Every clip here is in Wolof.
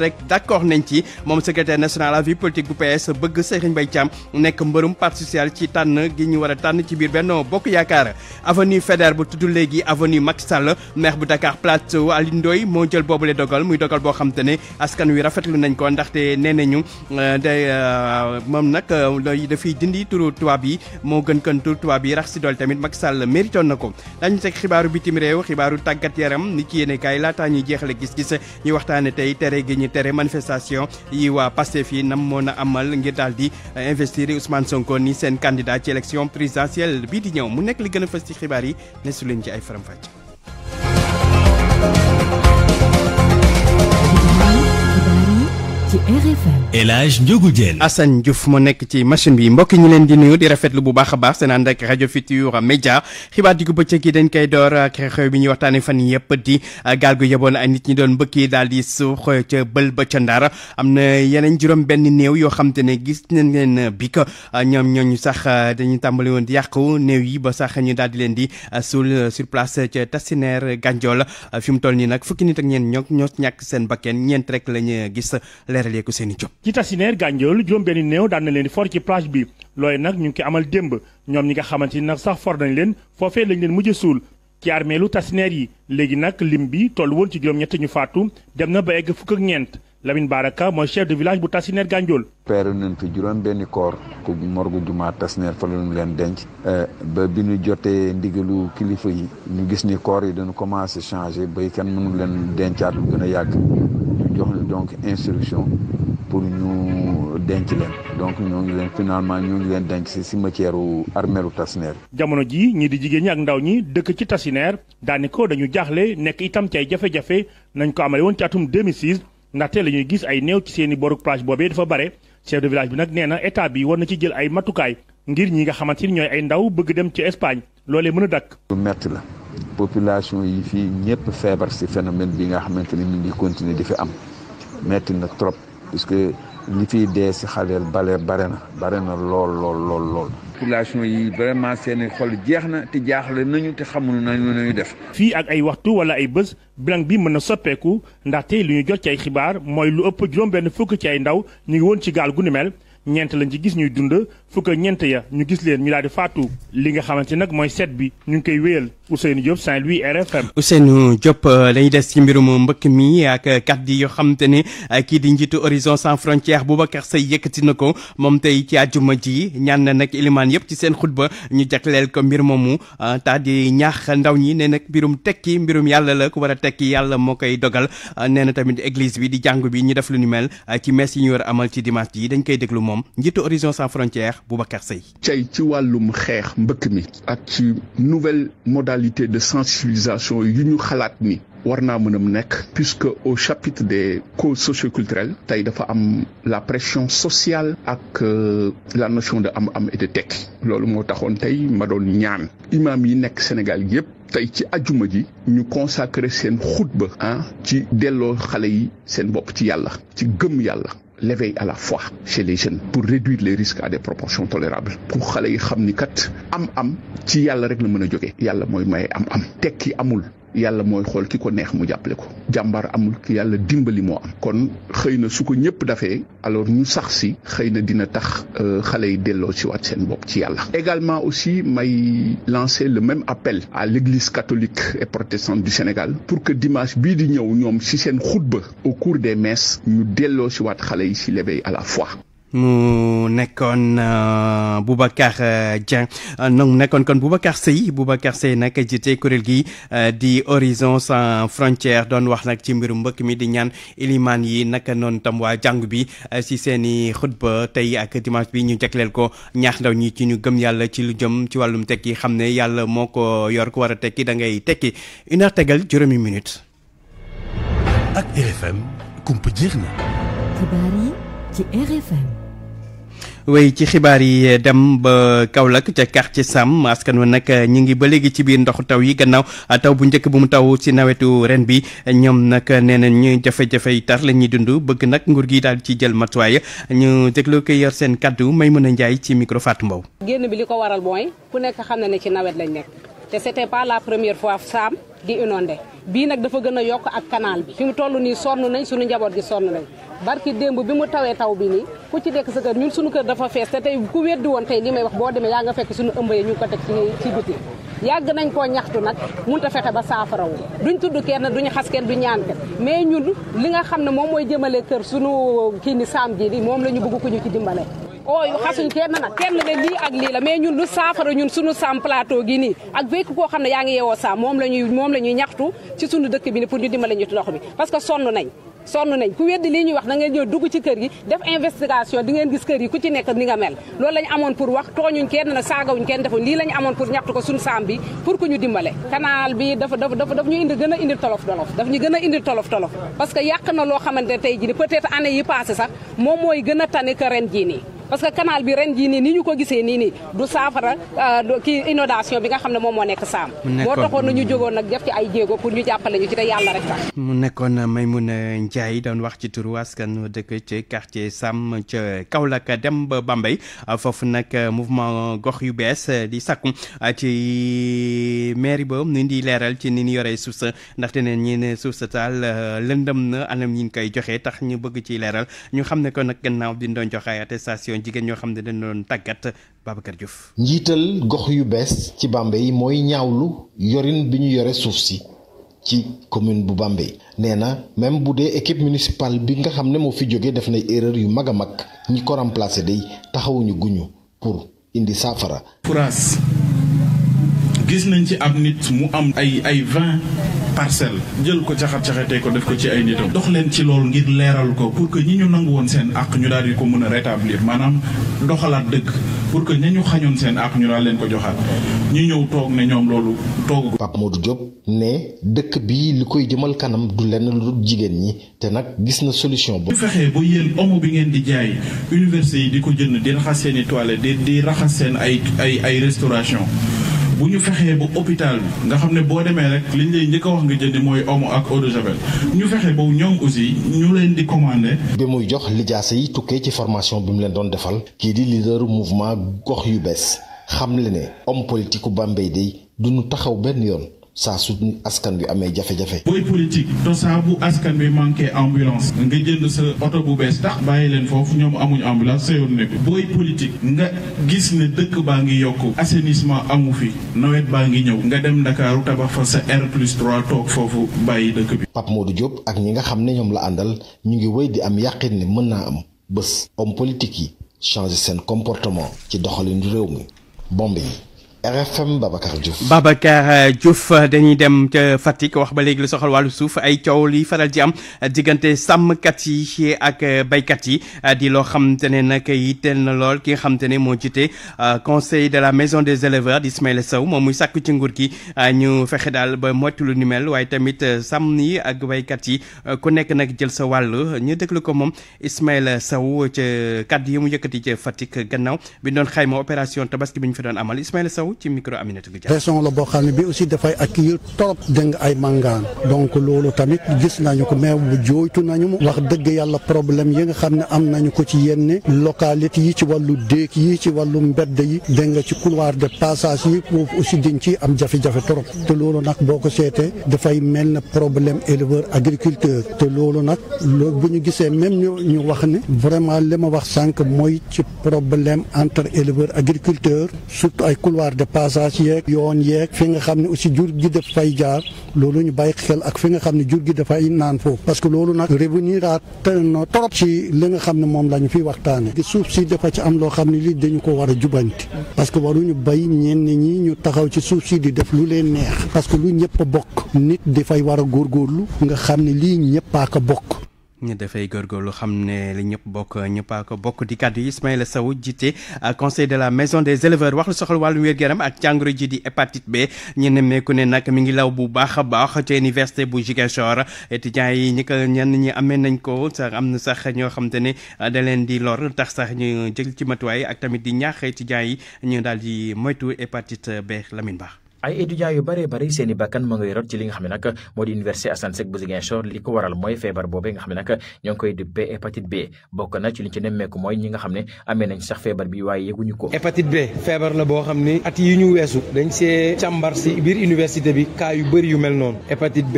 rek d'accord nañ ci moom secrétaire national à vie politique bu PS bëgg Serigne Mbaye Thiam nekk mbërum parti social ci tànn gi ñu war a tànn ci biir Benno Bokk Yaakaar avenue Faidherbe bu tudd léegi avenue Macky Sall maire bu Dakar Plateau Alioune Ndoye moo jël boobule dogal muy dogal boo xam ne askan wi rafet lu nañ ko ndaxte nee ñu euh, day euh, moom nag euh, dafiy dindi turu tuwaab yi moo gën kan turu tubaab yi rax si dool tamit Macky Sall méritoon na ko daañu teg xibaaru bitim réew xibaaru tàggat yaram ni ci yéene kaay laataa ñuy jeexale gis-gis ñuy waxtaane tey gi ñu manifestation yi wa passé fi nam moon amal ngir daldi eh, investir Ousmane Sonko ni sen candidat ci élection présidentielle bi di ñew mu nek li gëna a ci xibaar yi ne su leen ci ay faram-fàcc ci RFM. El Hadj Ndiogou Diène. Assane Diouf nekk ci machine bi mbokk ñi leen di nuyu di rafetlu bu baax a baax seen ànd ak rajo Futurs Médias xibaar diggu bëccëg yi dañ koy door ak xew bi ñuy waxtaanee fan yëpp di uh, gaal gu yeboon ay nit ñi doon mbëkki daal di suux uh, ca bël ba ca ndar am na yeneen juróom benn néew yoo xam te ne gis nañ leen uh, bi que ñoom ñooñu sax dañu tàmbali woon di yàqu néew yi ba sax ñu daal di leen di suul sur place ca Tassinère Gandiol fi mu toll nii nag fukki nit ak ñeent ñoo ñoo ñàkk seen bakkeen ñeent rek lañu gis leeralee ko seen i job ci Tassinère Gandiol juróom-benn néew daan na leen di for ci plage bi looy nag ñu ngi ko amal démb ñoom ñi nga xamante ni nag sax for nañ leen foofee lañ leen mujj suul ci armeelu Tassinère yi léegi nag lim bi toll woon ci juróom-ñett ñu faatu dem na ba egg fukk ak ñeent Lamine Baraka mooy chef de village bu Tassinère Gandiol. peere nañ fi juróom benni koor ku morgu jumaa Tassinère fa lañu leen denc. Eh, ba bi ñu jotee ndigalu kilifa yi ñu gis ni koor yi dañu commencé changé ba kenn mënu leen dencaat lu gën a yàgg. donc instruction pour ñu denc donc nous finalement nous ngi leen denc ci cimetière u armeeru Tasneer jamono ji ñi di jigéen ñi ak ndaw ñi dëkk ci Tasneer daani ko dañu jaxlé nek itam ci ay jafé jafe nañ ko amale won ci atum 2006 ndaxte la ñuy gis ay néew ci seeni i plage bobé dafa baré chef de village bi nak néna état bi war na ci jël ay matukay ngir ñi nga xamanteni ñoy ay ndaw bëgg dem ci Espagne lolé mëna dak dakk lu metti la population yi fi ñepp fièvre ci phénomène bi nga xamanteni ni mu ngi continuer di fi am metti na trop que li fiy dee si xaleel bale bare na bare na lool lool lool lool. population yi vraiment seeni xol jeex na te jaaxle nañu te xamul nañu nañu def. fii ak ay waxtu wala ay bés bilan bi mën na soppeeku ndaxte li ñu jot ci xibaar mooy lu ëpp juróom-benn fukk ci ndaw ñu ngi woon ci gaal gu ni mel ñeent lañ ci gis ñuy dund. fukk ak ñeent ya ñu gis leen ñu daal di faatu li nga xamante nag mooy seet bi ñu ngi koy wéyal Ousseynou Diop Saint-Louis RFM. Ousseynou Diop euh, lañuy des ci mbirum mbëkk mi ak kat di yoo xamante ni euh, kii di njiitu Horizon Sans Frontières Boubacar Seye yëkkati na ko moom tey ci àjjuma ji ñaan nag ilimaan yëpp ci seen xutba ñu jagleel ko mbir moomu euh, ta di ñaax ndaw ñi ne nag mbirum tekki mbirum yàlla la ku war a tekki yàlla moo koy dogal nee na tamit église bi di jàng bi ñu def lu ni mel ci messe yi ñu war amal ci dimanche ji dañ koy déglu moom njiitu Horizon Sans Boubacar Seye tey ci wàllum xeex mbëkk mi ak ci nouvelle modalité de sensibilisation yu ñu xalaat ni war naa mën a nekk puisque au chapitre des causes socioculturelles tey dafa am la pression sociale ak euh, la notion de am et de tekki loolu moo taxoon tey ma doon ñaan imam yi nekk Sénégal yépp tey ci ajuma ji ñu consacré seen xutba ah ci delloo xale yi seen bopp ci yàlla ci gëm yàlla l'éveil à la foi chez les jeunes pour réduire les risques à des proportions tolérables pour que yi gens sachent kat am-am ci en rek la se a et yàlla le am-am tekki amul yalla moy xol kiko neex mu amul ki dimbali am kon alors ñu dina tax euh, yi ci également aussi may lancer le même appel à l'église catholique et protestante du Sénégal pour que dimanche bi di ñew ñom de seen au cours des messes ñu ci à la foi mu nekkoon euh, Boubacar euh, Dieng noonu euh, nekkoon kon Boubacar Seye Boubacar Seye nag jiite kuréel gi di Horizon sans frontières doon wax nag ci mbirum mbëkk mi di ñaan ilimaan yi naka noonu tam waa jàngu bi si seen i xutba tey ak dimanche bi ñu jagleel ko ñaax ndaw ñi ci ñu gëm yàlla ci lu jëm ci wàllum tekki xam ne yàlla moo ko yor ko war a tekki da ngay tekki une juróomi minute. ak RFM kumpa jeex na. wéy ci xibaar yi dem ba Kaolack ca quartier Sam askan wa nag ñu ngi ba léegi ci biir ndoxu taw yi gannaaw taw bu njëkk bu mu taw si nawetu ren bi ñoom nag nee na ñu jafe-jafe yi tar la ñuy dund bëgg nag nguur gi daal ci jël matuwaay ñu dégloo ko yor seen kaddu may mën a njaay ci micro Fatou Mbow. génn bi li ko waral mooy ku nekk xam na ne ci nawet lañ nekk te c'était pas la première fois Sam di inondé bii nag dafa gën a yokk ak canal bi fi mu toll nii sonn nañ suñu ku ci dekk sa kër ñun suñu kër dafa fees te tey ku weddi woon tey li may wax boo demee yaa nga fekk suñu ëmb yi ñu ngi ko teg ci ci yàgg nañ koo ñaxtu nag mënut a fexe ba saafarawu duñ tudd kenn duñu xas kenn du ñaan kenn mais ñun li nga xam ne moom mooy jëmale kër suñu kii ni saam ji ni moom la ñu bëgg ku ñu ci dimbale ooyu xasuñ kenn nag kenn ne lii ak lii la mais ñun lu saafara ñun suñu saam plateau gi nii ak béyku koo xam ne yaa ngi yeewoo saam moom la ñuy moom la ñuy ñaxtu ci suñu dëkk bi ni pour ñu dimbale ñu ndox bi parce que sonn nañ sonn nañ ku weddi lii ñuy wax na ngeen ñëw dugg ci kër yi def investigation di ngeen gis kër yi ku ci nekk ni nga mel loolu lañ amoon pour wax tooñuñ kenn nag saagawuñ kenn defuñ lii lañ amoon pour ñaxtu ko suñu saam bi pour ku ñu dimbale canal bi dafa dafa dafa daf ñu indi gën a indil tolof tolof daf ñu gën a indil tolof tolof parce que yàq na loo xamante tey jii ni peut-être année yi passé sax moom mooy gën a tane que ren jii nii parce que canal bi ren jii nii ni ñu ko gisee nii nii du saafara euh, kii inondation bi nga xam ne moom moo nekk saam moo taxoon na ñu jógoon nag def ci ay jéego pour ñu jàppale ñu ci te yàlla rek tax mu nekkoon Maymouna Ndiaye doon wax ci turu askan dëkk ci quartier Sam ca Kaolack dem ba Bambey foofu nag mouvement gox yu bees di sakku ci mairie ba ni di leeral ci ni ñu yoree suuf sa ndaxte ne ñi ne suuf sa taal euh, lëndëm na anam ñi koy joxe tax ñu bëgg ci leeral ñu xam ne ko nag gannaaw di doon joxe ay jigéen ñoo xam ne dañ doon tàggat Babacar Diouf. njiital gox yu bees ci Bambey mooy ñaawlu yorin bi ñu yore suuf si ci commune bu Bambey. nee na même bu dee équipe bi nga xam ne moo fi jógee def nay erreur yu mag a mag ñi ko remplacé day taxawuñu guñu pour indi saafara. France gis nañ ci ab nit mu am ay ay vingt parcelle jël ko caxat-caxatee ko def ko ci ay nitam dox leen ci loolu ngir leeral ko pour que ñi ñu nangu woon seen àq ñu daal di ko mën a rétablir maanaam doxalaat dëkk pour que ña ñu xañoon seen àq ñu daal leen ko joxaat ñu ñëw toog ne ñoom loolu toog moo du Diop ne dëkk bii li koy jëmal kanam du lenn lu dul jigéen ñi te nag gis na solution boobu. bu fexee ba yéen omo bi ngeen di jaay université yi di ko jënd di raxas seen i toilette di di raxas seen ay ay ay restauration bu ñu fexee ba hôpital bi nga xam ne boo demee rek liñ lay njëkk a wax nga jënd mooy omo ak eau de javel ñu fexe ba ñoom aussi ñu leen di commandé. bi muy jox lijaasa yi tukkee ci formation bi mu leen doon defal kii di leader mouvement gox yu bees xam la ne homme politique u Bambey day duñu taxaw benn yoon. saa su askan bi amee jafe-jafe. booy politique dosaa bu askan bi manqué ambulance. nga jënd sa oto bu bees tax. bàyyi leen foofu ñoom amuñ ambulance sa yoon nekk. booy politique nga gis ne dëkk baa ngi yokk assainissement amu fi nawet baa ngi ñëw. nga dem Ndakaaru tabax fa sa R plus toog foofu bàyyi dëkk bi. moo du Diop ak ñi nga xam ne ñoom la àndal ñu ngi wéy di am yàqin ne mën naa am bés. homme politique yi changer seen comportement ci doxalin réew mi bomb yi. RFM Babacar Diouf. Babacar Diouf dañuy dem ci Fatick wax ba léegi lu soxal walu souf ay ciow li faral di am sam kat yi ak baykat yi di lo xam te ne na lool ki xam te euh, conseil de la maison des éleveurs d'Ismaël Ismaïla Sow moom muy sàkku ci nguur ki euh, ñu fexe dal ba moytu ni mel tamit euh, sam ni ak baykat yi ku nekk nak jël sa walu ñu déglu ko mom Ismaël Sow ci kàddu yi mu yëkëti ci Fatick gannaaw bi doon xayma opération tabaski bi ñu fi doon amal Ismaël Sow. ñëw ci micro Aminata Gueye. région la boo xam ne bi aussi dafay accueillir trop dégg nga ay màngaan donc loolu tamit gis nañu ko mais bu jooytu nañu mu wax dëgg yàlla problème yi nga xam ne am nañu ko ci yenn localité yi ci wàllu déeg yi ci wàllu mbedd yi dégg nga ci couloir de passage yi foofu aussi dañ am jafe-jafe trop te loolu nag boo ko seetee dafay mel na problème éleveur agriculteur te loolu nag loolu bu ñu gisee même ñu wax ni vraiment li ma wax sànq mooy ci problème entre éleveur agriculteur de passage yeeg yoon yeeg fi nga xam ne aussi jur gi daf fay jaar loolu ñu bàyyi xel ak fi nga xam ne jur gi dafay naan foofu parce que loolu nag revenir à trop ci li nga xam ne moom la ñu fi waxtaane suuf si dafa ci am loo xam ne lii dañu ko war a jubanti parce que waruñu ñi ñu taxaw ci suuf si di def lu leen neex parce que lu ñëpp a bokk nit dafay war a góorgóorlu nga xam ne lii ñëpp a ko bokk dafay góorgóorlu xam ne li ñëpp bokk ñëppaa ko bokk di kàddu yi Ismaïla Sow jiite euh, conseil de la maison des éleveurs wax lu soxla wàllum wér gu ak jàngoro ji di hépatite B ñu nemmeeku ne nag mi ngi law bu baax a baax ci université bu Ziguinchor étudiants yi ñi ko ñenn ñi amee nañ ko sax am na sax ñoo xam te ne euh, da leen di lor tax sax ñu jël ci matuwaay ak tamit di ñaax étudiants yi ñu daal di moytu hépatite B lamin Ba ay étudiants yu baree bari seen i bakkan ma ngay rot ci li nga xam ne nag moo di université Assane bu Ziguinchor li ko waral mooy feebar boobee nga xam ne nag ñoo ngi koy duppee hépatite B bokk na ci liñ ci nemmeeku mooy ñi nga xam ne amee nañ sax feebar bi waaye yëguñu ko. hépatite B feebar la boo xam ni at yi ñu weesu dañ see càmbar si biir université bi cas yu bëri yu mel noonu hépatite B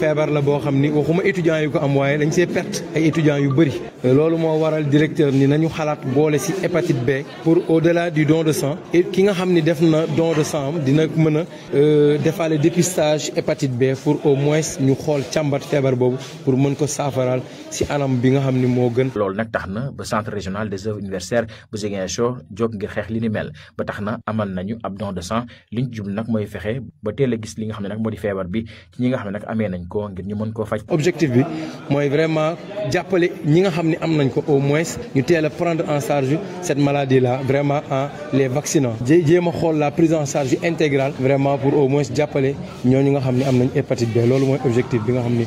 feebar la boo xam ni waxuma étudiants yu ko am waaye dañ moo waral directeur ni nañu xalaat boole si hépatite B pour au delà ki nga xam ni de sang dina Euh, le dépistage hépatite B pour au moins ñu xool de feebar pour mën ko si anam bi nga xamni mo moo gën. loolu nag ba centre régional des œuvres universitaires bu Ziguinchor jóg ngir xex li ni mel ba taxna amal nañu ab don de sang liñ jublu nak moy fexé ba teel gis li nga xamni nak modi moo bi ci ñi nga xamni nak amé nañ ko ngir ñu mën ko fajj objectif bi moy vraiment jappalé ñi nga xamni am nañ ko au moins ñu teel prendre en charge cette maladie là vraiment en les vaccinant. jéem a xol la prise en charge intégrale vraiment pour au moins ñoo ñooñu nga xamni am nañ hépatite B loolu moy objectif bi nga xamni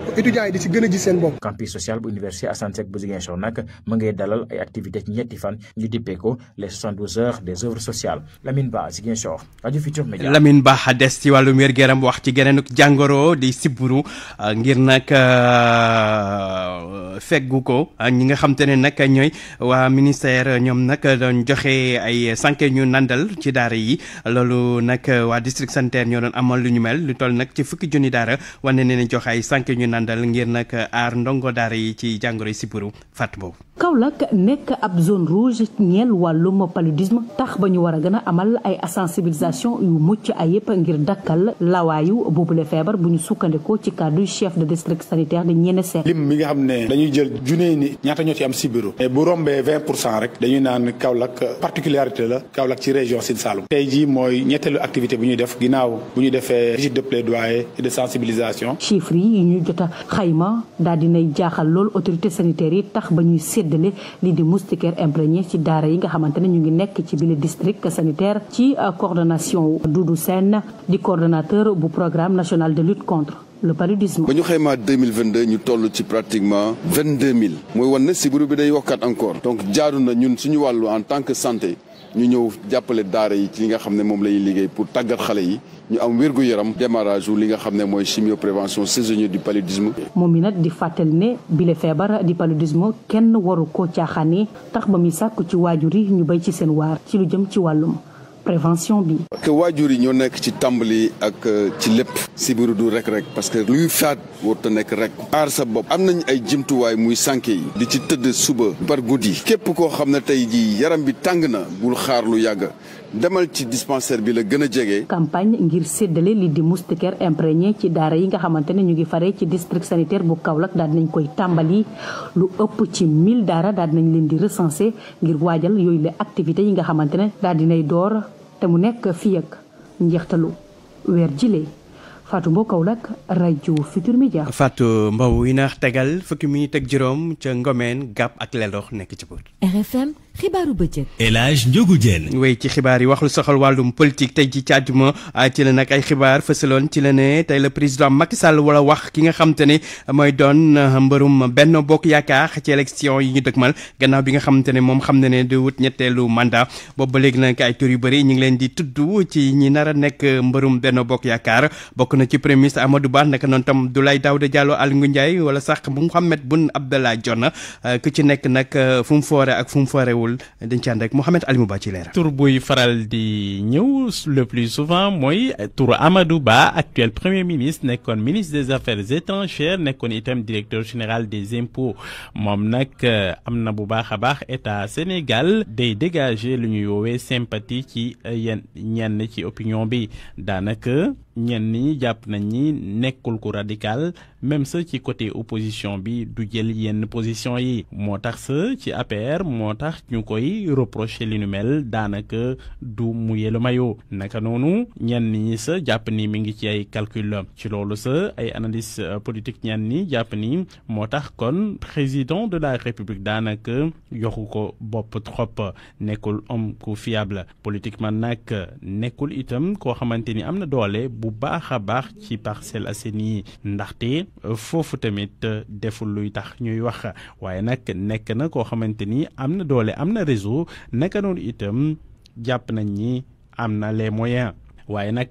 bokk étudiants yi di si gën a gis seen bopp. campus social bu université Assane Seck bu Ziguinchor nag mu ngay dalal ay activités ci ñetti fan ñu dippee ko les 72 heures des ci wàllu wér gu yaram wax ci geneen jàngoro di sibburu euh, ngir nag euh, feggu ko euh, ñi nga xam te ne nag ñooy waa ministère ñoom nag doon joxe ay sànke ñu nandal ci daara yi loolu nag waa district sanitaire ñoo doon amal lu ñu mel lu toll nag ci fukki junni daara wane ne joxe ay sànke ñu nandal ngir nak ar ndongo dar yi ci jàngoro sipuru fat boobu. Kaolack nekk ab zone rouge ñeel wàllum paludisme tax ba ñu war a gën a amal ay sensibilisation yu mucc ayib ngir dakkal lawaayu boobule feebar bu ñu sukkandikoo ci kàddu chef de district sanitaire de ñene Niénessène. lim mi nga xam ne dañuy jël junne ni ñaata ñoo ci am sibbiru bu rombee vingt pour cent rek dañuy naan Kaolack particularité la Kaolack ci région sin Saloum. tey jii mooy ñetteelu activité bu ñuy def ginnaaw bu ñu defee visite de plaidoyer et de sensibilisation. chiffre yi ñu jot xayma daal dinay jaaxal lol autorité sanitaire yi tax bañuy ñuy li di moustiquaire imprégné ci daara yi nga xamante ñu ngi nekk ci bile district sanitaire ci euh, coordination Doudou Sène di coordinateur bu programme national de lutte contre le paludisme. bañu ñu 2022 ñu tollu ci pratiquement 22000 moy wan ci buru bi day yokkaat encore donc jaaru na ñun suñu walu en tant que santé ñu ñëw jàppale daara yi ci li nga xam ne moom la ñuy liggéey pour tàggat xale yi ñu am wérgu yaram démarrage wu li nga xam ne mooy chimio prévention saisonnière di paludisme. moom mi nag di fàttali ne bile feebar di paludisme kenn waru ko caaxaane tax ba muy sàkk ci waajur yi ñu bay ci seen waar ci lu jëm ci wàllum. prévention bi. que wajuri ñu nekk ci tambali ak euh, ci lepp si du rek rek parce que luy faat warut a nekk rek. aar sa bop am nañ ay way muy sànke di ci teud suba par goudi kep ko xamne tay ji yaram bi na xaar lu demal ci dispensaire bi la gëna jégué campagne ngir séddale li di moustiquaire imprégné ci daara yi nga xamantene ñu ngi faré ci district sanitaire bu Kaolack daal nañ koy tambali lu ëpp ci 1000 daara daal nañ leen di recenser ngir waajal yoy le activité yi nga xamantene daal dinay door. te mu nekk fii ak njeextalu weer jile Fatou Mbow Kaolack rajo Futur Media. Fatou Mbow yi naax tegal fukki minit teg juróom ca Ngomeen Gap ak Leloox nekk ci bopp. RFM. xibaaru bëccëg El Hadj Ndiogou Diène wéy ci xibaar yi wax lu soxal wàllum politique tey ci àjjuma ah, ci la nag ay xibaar fësaloon ci la ne tey la président Macky Sall wala wax ki nga xam ne mooy doon ah, mbërum benn bokk yaakaar ci élection yi ñu dëgmal gannaaw bi nga xam ne moom xam ne ne di wut ñetteelu mandat boobu ba léegi nag ay tur yu bëri ñu ngi leen di tudd ci ñi nar a nekk mbërum benn bokk yaakaar bokk na ci premier ministre Amadou baax naka noonu tam Doulaye Daouda Diallo Aliou Ndiaye wala sax Mouhamed Boun Abdallah Dionne ah, ku ci nekk nag fu mu foore ak fu mu foorewul teewul dañ ci ànd ak ci tur faral di ñëw le plus souvent mooy Tur Amadou Ba actuel premier ministre nekkoon ministre des affaires étrangères nekkoon itam directeur général des impôts moom nag euh, am na bu baax a baax état Sénégal day dégager lu ñuy woowee sympathie ci euh, yenn ñenn ci opinion bi daanaka ñenn ñi jàpp nañ ni nekkul ku radical même sa ci côté opposition bi du jël yenn position yi moo tax sa ci APR moo tax ñu koy reprocher li mel daanaka du mu mayo mayoo naka noonu se ñi sa ni mi ngi ci ay calcul ci loolu sa ay analyse euh, politique ñenn ñi jàpp ni moo kon président de la république daanaka yoxu ko bopp trop nekkul homme ku fiable politiquement nak euh, nekkul itam koo xamante ni am na bu baax a baax ci Parcelles Assainies ndaxte euh, foofu tamit euh, deful luy tax ñuy wax waaye nag nekk na koo xamante ni am na doole am na réseau naka noonu itam jàpp nañ ni am na les moyens waaye nag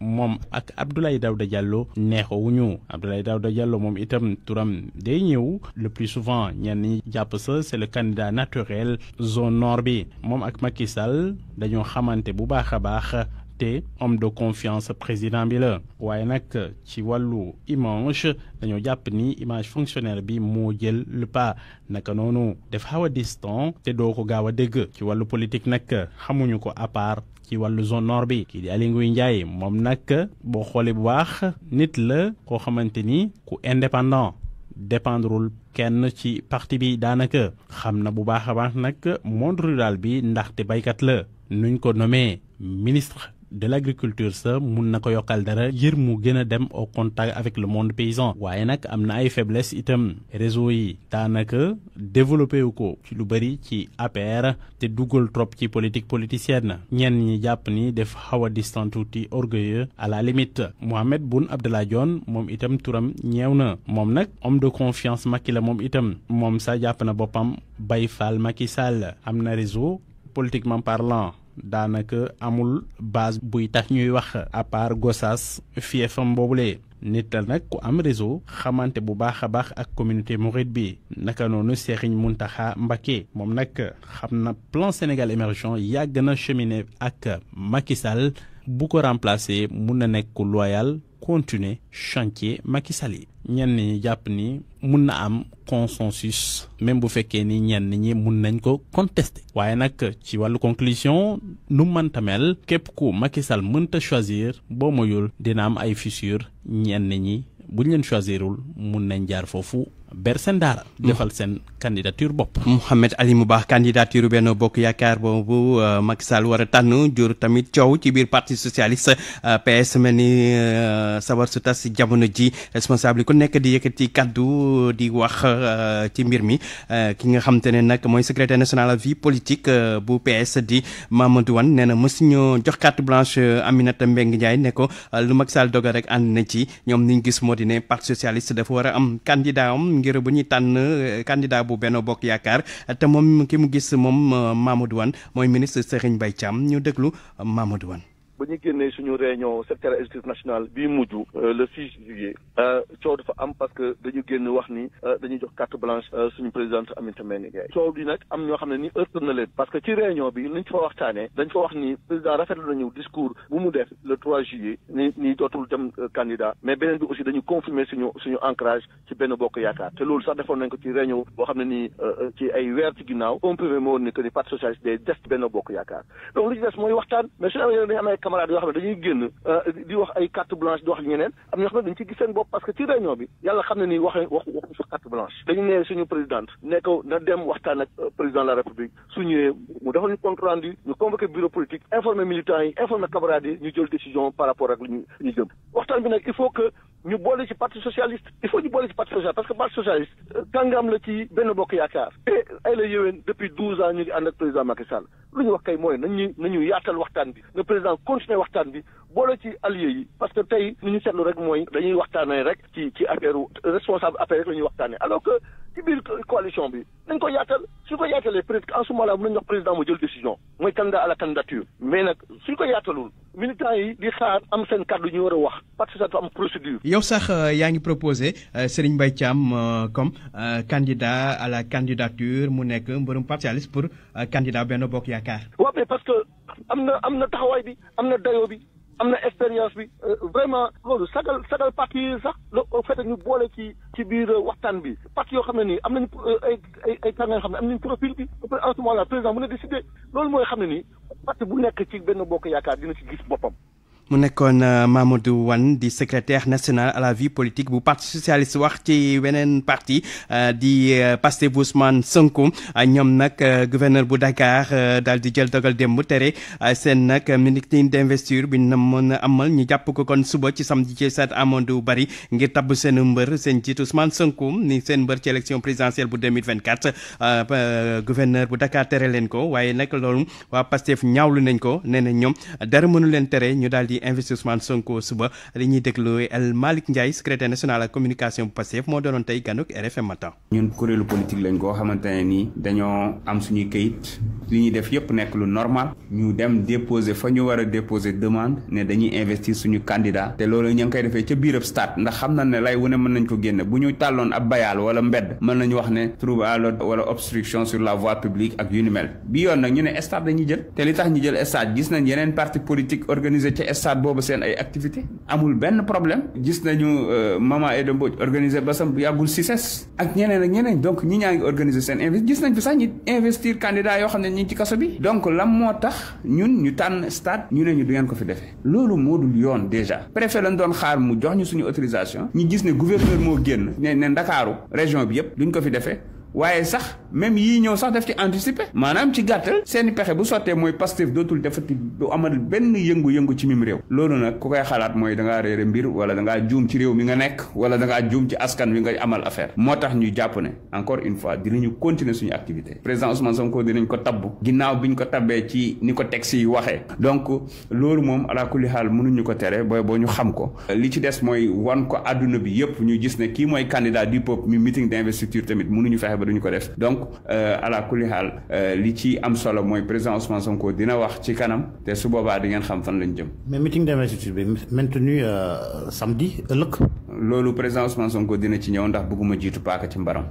moom ak Abdoulaye Daouda Diallo neexawuñu Abdoulaye Daouda Diallo moom itam turam day ñëw le plus souvent ñenn jàpp sa c'est le candidat naturel zone nord bi moom ak makisal Sall xamante bu baax a baax homme de confiance président bi la ci walu image image fonctionnaire bi mo le pas nak nonu def hawa distant té do ko politique xamuñu ko à part zone nord bi ki di mom bu ku indépendant dépendrul kenn ci parti bi na bu baax baax monde rural bi baykat ko nommé ministre de l'agriculture ça, sa mun na ko yokkal dara yir mu gëna dem au contact avec le monde paysan waye n'ak am na ay faiblesse item réseau yi tanaka développé ko ci lu bari ci APR te trop ci politique politicienne ñen ñi ni def xaw distant touti orgueilleux à la limite Mohamed Boun Abdallah mon mom itam turam ñewna mom nak homme de confiance m'a la mom itam mom sa japp na bopam Baye Fall Macky réseau politiquement parlant da nèk amoul baz bouy tak nye wak apar gosas fye fèm boble. Netel nèk kou am rizou, chaman te bou bach a bach ak kominite moured bi, nèk anon nou serin moun ta xa mbake. Moun nèk chap nan plan Senegal Emergent, ya gnen chemine ak makisal, Bukoran plase mounnen ek kou loyal kontine chanke makisali Nyen nenye Japni mounna am konsensus Menbou feke ni nyen nenye mounnen ko konteste Woyen ak chi walu konklusyon nouman tamel Kep kou makisali moun te chwazir Bo mouyol denam aifisur nyen nenye Bounnen chwazir oul mounnen djar fofou Bersen Daara. Mm. defal seen candidature bopp. Mouhamed Ali mu baax candidature benn bokk yaakaar boobu euh, Macky Sall war a tànn jur tamit coow ci biir parti socialiste euh, PS mel ni euh, sabar su tas jamono ji responsable ku nekk di yëkkati kaddu di wax ci mbir mi ki nga xam te ne nag mooy secrétaire national vie politique bu PS di Mamadou Wane nee na mësuñu jox carte blanche Aminata Mbengue Ndiaye ne ko lu Macky Sall rek ànd na ci ñoom ni ñu gis moo di ne parti socialiste dafa ngir bu ñuy tànn euh, candidat bu benn Bokk Yaakaar te moom ki mu gis moom euh, Mamadou Wane mooy ministre Serigne Mbaye Thiam ñu déglu euh, Mamadou ba ñu génnee suñu réunion secrétaire exécutif national bi mujj euh, le 6 juillet euh, coow dafa am parce que dañu génn wax ni euh, dañuy jox carte blanche suñu présidente Aminata Mbengue Gueye. coow bi nag am ñoo xam ne ni heurte na leen parce que ci réunion bi liñ fa waxtaanee dañ fa wax ni président rafetlu nañu discours bu mu def le 3 juillet ni ni dootul dem candidat mais beneen bi aussi dañu confirmer suñu suñu ancrage ci benn bokk yaakaar te loolu sax defoon nañ ko ci réunion boo xam ne nii ci ay weer ci ginnaaw confirmer moo woon que ni parti socialiste day des benn bokk yaakaar donc li ci des mooy waxtaan mais suñu amee dañu amee yoo xam ne dañuy euh, di wax ay carte blanche di wax ñeneen am dañ ci bopp parce que carte blanche dañu suñu présidente ko na euh, président de la république mu defal ñu convoqué bureau politique militants camarades ñu jël décision par rapport ak ñu jëm il faut que ñu boole ci parti socialiste il faut ñu boole ci parti socialiste parce que parti socialiste euh, kàngam la ci benn bokk yaakaar Et ay la yéwén depuis douze ans ñu ngi ànd ak président Macky Sall lu ñu wax kay mooy nañu nañu yaatal waxtaan bi le président continuer waxtaan bi boole ci allié yi parce que tey lu ñu seetlu rek mooy dañuy waxtaanee rek ci ci affaire responsable affaire rek la ñuy waxtaanee alors que ci biir coalition bi nañ ko yaatal suñ ko yaatalee presque en ce moment là mën nañu wax président mu jël décision mooy candidat à la candidature mais nag suñ ko yaatalul militants yi di xaar am seen kàddu ñu war a wax parti socialiste am procédure yow sax euh, a ngi proposé euh, Serigne Mbaye euh, comme candidat à la candidature mu partialiste pour candidat Benno Bokk Yaakaar. mais parce que am na am bi expérience vraiment sagal sagal parti sax fait ñu ci ci biir bi parti ne ay ay ne profil bi en ce moment là ne mu nekkoon euh, Mamadou Wane di secrétaire national à la vie politique bu parti socialiste wax ci wenen parti euh, di euh, Pastef Ousmane Sonko ñom nak gouverneur bu Dakar dal di jël dogal dem bu tere seen nak meeting d'investiture bi na mën amal ñu japp ko kon suba ci samedi ci stade Amadou Bari ngir tab seen mbeur seen ci Ousmane Sonko ni seen mbeur ci élection présidentielle bu 2024 gouverneur bu Dakar téré len ko waye nak loolu wa Pastef ñaawlu nañ ko néna ñom dara mënu len téré ñu dal di investir Ousmane Sonko suba li ñuy déglu El Malick Ndiaye secrétaire national ak communication bu Pastef moo doonoon tey ganuk RFM Matin. ñun kuréelu politique lañ koo xamante ne nii dañoo am suñuy kayit li ñuy def yëpp nekk lu normal ñu dem déposer fa ñu war a déposer demande ne dañuy investir suñu candidat te loolu ñu ngi koy defee ca biirab stade ndax xam na ne lay wu ne mën nañ ko génne bu ñu tàlloon ab bayaal wala mbedd mën nañu wax ne trouble à l'ordre wala obstruction sur la voie publique ak yu ni stade boobu seen ay activité amul benn problème gis nañu euh, Maman Aïda Mbodj ba sam bu yàggul ses ak ñeneen ak ñeneen donc ñi ñaa ngi organiser seen invest gis nañ fi sax ñi investir candidat yoo xam ne ñi ci kaso bi donc lan moo tax ñun ñu tànn stade ñu ne ñu du ngeen ko fi defee loolu moo dul yoon déjà préfet lañ doon xaar mu jox ñu suñu autorisation ñu gis ne gouverneur moo génn ne ne Ndakaaru région bi yëpp ñu ko fi defee waaye sax même yii ñëw sax def ci anticiper maanaam ci gàttal seen pexe bu sottee mooy Pastef dootul defati du amal benn yëngu-yëngu ci mim réew loolu nag ku koy xalaat mooy da ngaa mbir wala dangaa ngaa juum ci réew mi nga nekk wala dangaa ngaa juum ci askan wi nga amal affaire moo tax ñu jàpp ne encore une fois dinañu continuer suñu activité président Ousmane Sonko dinañ ko tabb ginnaaw bi ñu ko tabee ci ni ko teg si waxee donc loolu moom ala kulli xaal mënuñu ko tere booy boo ñu xam ko li ci des mooy wan ko adduna bi yëpp ñu gis ne kii mooy candidat du peuple mi tamit mënuñu fexe ba duñu ko def donc euh ala kulli xaal euh, li ci am solo moy président Ousmane Sonko dina wax ci kanam té su boba di ngeen xam fan lañ jëm. mais meeting d'investiture bi maintenu euh, samedi ëllëg. loolu président Ousmane Sonko dina ci ñëw ndax bëgguma jitu paaka ci mbaram.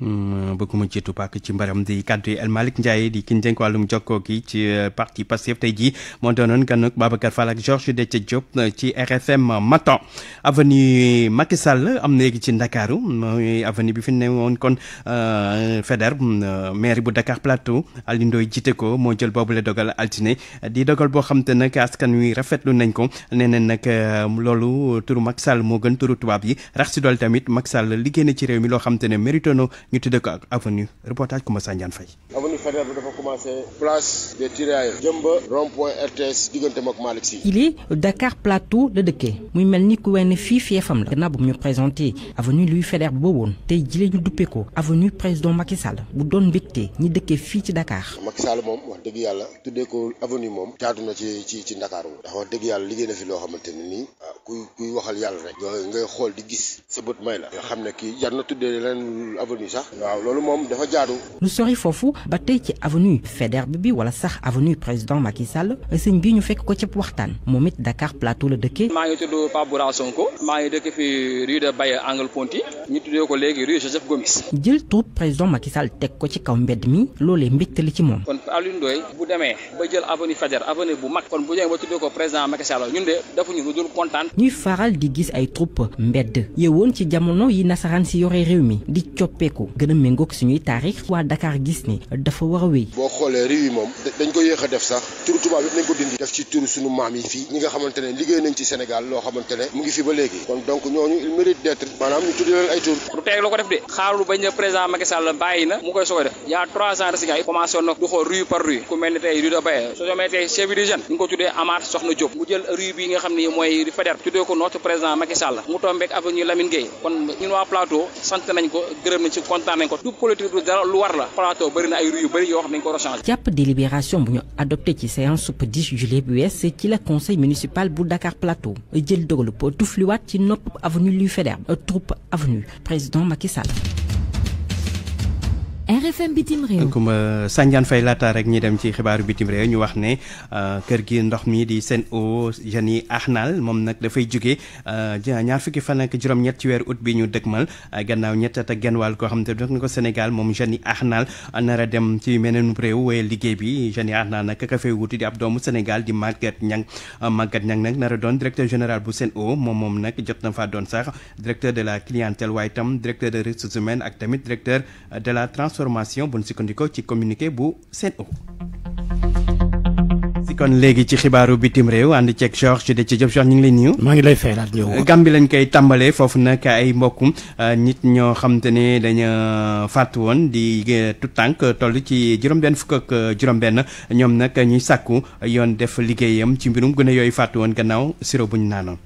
Mm, bëgguma jiitu pàkk ci mbaram di kàddu yi El Malick Ndiaye di ki ñu dénk wàllum jokkoo gi ci euh, parti Pastef tey jii moo doonoon gan ak Babacar Fall ak Georges Dethié Diop euh, ci RFM Matin avenue Macky Sall am na léegi ci Ndakaaru mooy avenue bi fi ne woon kon euh, FEDER maire bu Dakar Plateau Aliou jiite ko moo jël boobu la dogal altine di dogal boo xam te nag askan wi rafetlu nañ ko nee nañ nag loolu turu Macky Sall moo gën turu tubaab yi rax si dool tamit Macky Sall liggéey na ci réew mi loo xam ne mérito ñu tuddee ko ak avenue reportage ku ma Sandiane Faye. avenue Faidherbe dafa commencé place des Tirailleurs jëm ba rond point RTS diggante mook Malick Sy. ili Dakar Plateau la dëkkee muy mel ni ku wenn fii fiefam la. gannaaw bu ñu présenté avenue Louis Faidherbe boobu woon tey jii ñu duppee ko avenue président Macky Sall bu doon mbégte ñi dëkkee fii ci Dakar. Macky Sall moom wax dëgg yàlla tuddee ko avenue moom jaadu na ci ci ci Dakar ndax wax dëgg yàlla liggéey na fi loo xamante ni nii ah, kuy kuy waxal yàlla rek. ngay xool di gis sa bët may la. nga xam ne kii jar na tuddee leneen avenue waaw loolu moom dafa jaadu. lu sori foofu ba tey ci avenue Faidherbe bi wala sax avenue président Macky Sall sëñ bi ñu fekk ko ci waxtaan moom it Dakar Plateau la dëkkee. maa ngi tudd Pape Boura Sonko. maa ngi dëkk fii rue de Baye angle Ponti ñu tuddee ko léegi rue Joseph Gomis. jël tur président Macky Sall teg ko ci kaw mbedd mi loolee mbégte li ci moom. kon Alioune Ndoye bu demee ba jël avenue feder avenue bu mag kon bu demee ba tuddee ko président Macky Sall ñun de defuñu lu dul kontaan. ñuy faral di gis ay troupe mbedd yewoon ci jamono yi nasaraan si yore réew mi di coppeeku ko gën a méngoog suñuy taarix waa Dakar gis ni dafa war a wéy. boo xoolee réew moom dañ ko yéex def sax turu tubaab yëpp nañ ko dindi def ci turu suñu maam yi fii ñi nga xamante liggéey nañ ci Sénégal loo xamante mu ngi fi ba léegi kon donc ñooñu il mérite d'être maanaam ñu tudd leen ay tur du tey la ko def de xaarul bañ ne président Macky Sall bàyyi na mu koy soog a def trois ans résident yi commencé na du xool rue par rue ku mel ni tey kontaan nañ ko tout politique du dara lu war la plateau bari na ay rue bari bëri yoo xam nañ ko war a jàpp délibération bu ñu adopté ci séance supp 10 juillet bu wees ci la conseil municipal bu Dakar Plateau jël dogalu po tufliwaat ci nopp avenue Louis Faidherbe troupe avenue président Macky Sall RFM bitim réew Kumba Sandiane Faye laata rek ñi dem ci xibaaru bitim réew ñu wax ne euh, kër gi ndox mi di seen Sen'Eau Jany Arnal moom nag dafay jóge euh, ñaar fukki fan ak juróom-ñett ci weeru août bi ñu dëgmal euh, gannaaw ñett ak genn wàll koo xam te def na ko Sénégal moom Jany Arnal nar a dem ci meneen réew waaye liggéey bi Jany Arnal nag ka fay wuti di ab doomu Sénégal di Maguette Niang Maguette Niang nag nar doon directeur général bu Sen'Eau moom moom nag jot na faa doon sax directeur de la clientèle waaye tam directeur des ressources humaines ak tamit directeur de la transformation bu ñu sukkandikoo ci communiqué bu Sen'Eau kon léegi ci xibaaru bitim réew ànd ceeg Georges de ci Diop Georges ñu ngi lay nuyu. maa ngi lay fay laat ñëw. Gàmbi lañ koy tàmbalee foofu nag ay mbokkum euh, nit ñoo xam te ne dañu fàttu woon di euh, tout tànk toll ci juróom-benn fukk ak euh, juróom-benn ñoom nag ñuy sàkku yoon def liggéeyam ci mbirum gune yooyu fàttu woon gannaaw sirop bu ñu naanoon.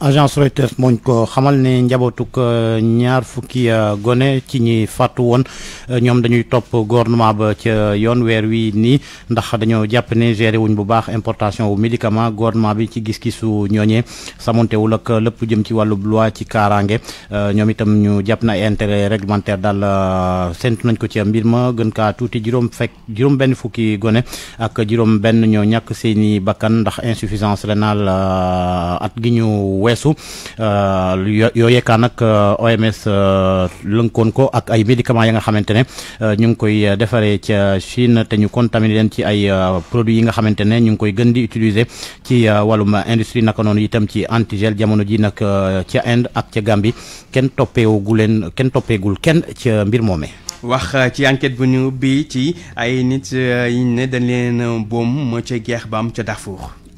agence Reuters mooñ ko xamal ne njabootuk ñaar fukki gone ci ñi fàttu woon ñoom dañuy topp gouvernement ba ca yoon weer wi nii ndax dañoo jàpp ne géré wuñ bu baax importation wu médicament gouvernement bi ci gis-gisu ñooñee samontewul ak lépp jëm ci wàllu loi ci kaaraange euh, ñoom itam ñu jàpp na ay intérêt réglementaire daal euh, sentu nañ ko ci mbir ma gën ka tuuti juróom fekk juróom benn fukki gone ak juróom ben ñoo ñàkk seeni bakkan ndax insuffisance rénale euh, at gi ñu weesu yooyee kaa OMS lënkoon ko ak ay médicaments ya nga xamante ne ñu ngi koy defaree ca Chine ñu ci ay produits yi nga ne ñu ngi koy gën di utiliser ci euh, wàllum industrie naka noonu itam ci antigel jamono ji nag euh, ca Inde ak ca Gambie kenn toppeewu leen kenn toppeegul kenn ca mbir moome wax euh, ci enquête bu ñu ubbi ci ay nit yi ne dañ leen boom moo ca geex ba am ca Darfour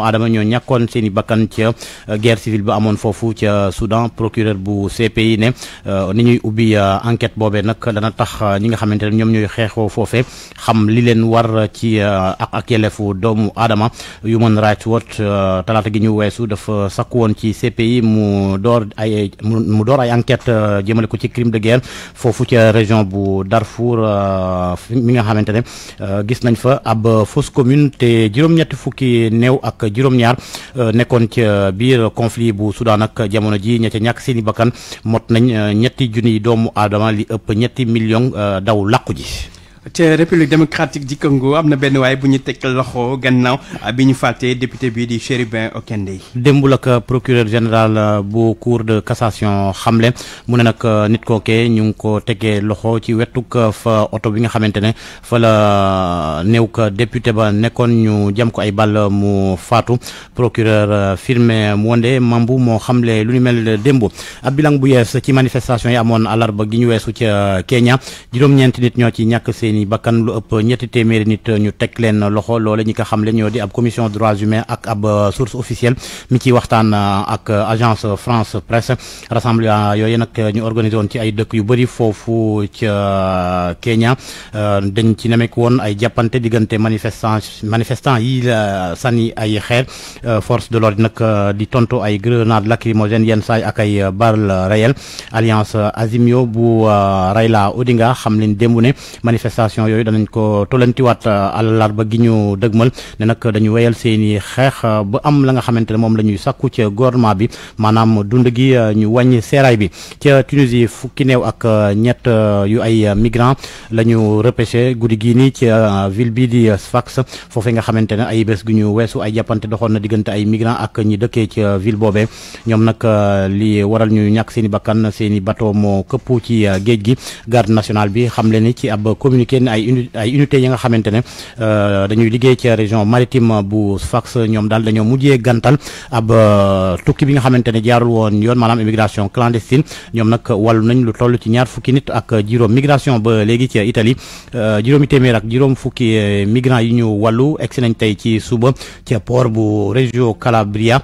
doomu aadama ñoo ñàkkoon seen i bakkan ca euh, guerre civile ba amoon foofu ca Soudan procureur bu CPI ne euh, ni ñuy ubbi euh, enquête boobee nag dana tax ñi nga xamante ne ñoom ñooy xeexoo foofe xam li leen war ci ak ak yelleefu doomu aadama Human Rights Watch talaata gi ñu weesu dafa sakku woon ci CPI mu door ay mu door ay enquête jëmale ko ci crime de guerre foofu ca région bu Darfour mi nga xamante ne gis nañ fa ab fausse commune te juróom-ñetti fukki néew ak juróom-ñaar euh, nekkoon ca euh, biir conflit bu Soudan ak jamono ji ña ca ñàkk seeni bakkan mot nañ euh, ñetti yi doomu aadama li ëpp ñetti million daw làqu ji ca république démocratique du Congo amna na benn waay bu loxo ah, député bi di Chérubin Okende. Demboulek procureur général ah, bu cour de cassation xamlé mu nak Nunko, ah, nit kookee ñu ko téggé loxo ci wetuk fa auto bi nga fa la néw ko député ba nékkon ñu jëm ko ay ball mu fatu, procureur firmé Mwande Mambu mo xamlé lu ñu mel démb ab bu ci manifestation yi amone alarba gi ñu Kenya juróom ñent nit ñoo ci ni bakkan lu ëpp ñetti téméré nit uh, ñu teg leen loxo loola ñi ko xam leen ñoo di ab commission droits humains ak ab uh, source officielle mi ci waxtaan uh, ak agence France Presse rassemblement yooyu nag ñu organisé woon ci ay dëkk yu bëri foofu ci Kenya dañ ci nemeek woon ay jàppante diggante manifestant manifestant yi sani ay xeer force de l'ordre nag di tonto ay grenade lacrymogène yenn saay ak ay Barl réel alliance Azimio bu Raila Odinga xam leen démb ne manifestant manifestation yooyu danañ ko tollantiwaat euh, àllarba gi ñu dëgmal ne nag dañu wéyal seen i xeex euh, ba am la nga xamante ne moom la ñuy sàkku ci gouvernement bi maanaam dund gi euh, ñu wàññi seeraay bi ca yi fukki neew ak ñett yu ay migrants lañu ñu repêché guddi gii nii ci ville bii di Sfax foofee nga xamante ne ay bés gu ñu weesu ay jàppante doxoon na diggante ay migrants ak ñi dëkkee ci ville boobee ñoom nag li waral ñu ñàkk seen bakkan seen i bateau moo këpp ci géej Pikine ay uni ay unité yi nga xamante euh, dañuy liggéey ci région maritime bu Fax ñoom daal dañoo mujjee gantal ab euh, tukki bi nga xamante ne jaarul woon yoon maanaam immigration clandestine ñoom nag wàllu nañ lu toll ci ñaar fukki nit ak juróom migration ba léegi ci Italie euh, juróomi téeméer ak juróom fukki migrants yi ñu wàllu egsi nañ tey ci suba ci poor bu région Calabria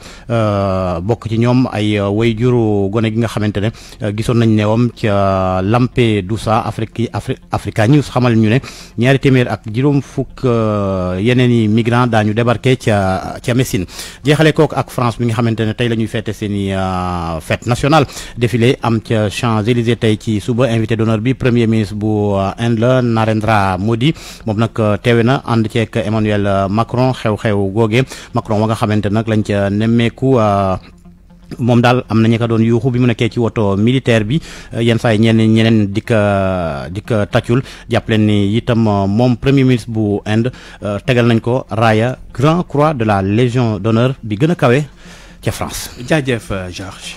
bokk ci ñoom ay way juru gone gi nga xamante ne gisoon nañ neewam ca Lampedusa Afrique Africa ñu ne ñaari téeméer ak juróom fukk euh, yeneen i migrants daañu débarqué ca ca Messine jeexale kook ak France mi nga xamante ne tey lañuy ñuy fête seen i euh, fête nationale défilé am ca Champs-Élysées tey ci suba invité d'honneur bi premier ministre bu euh, Inde la Narendra Modi moom nag teewe na ànd ceeg Emmanuel Macron xew-xew googe Macron wa nga xamante nag lañ ca nemmeeku moom daal am na ñu ko doon yuuxu bi mu nekkee ci woto militaire bi euh, yenn saa yi ñeneen ñeneen di ko di ko tàccul jàpp ni itam euh, moom premier ministre bu Inde euh, tegal nañ ko raaya grand croix de la légion d'honneur bi gën a kawe ca France. jaajëf Georges.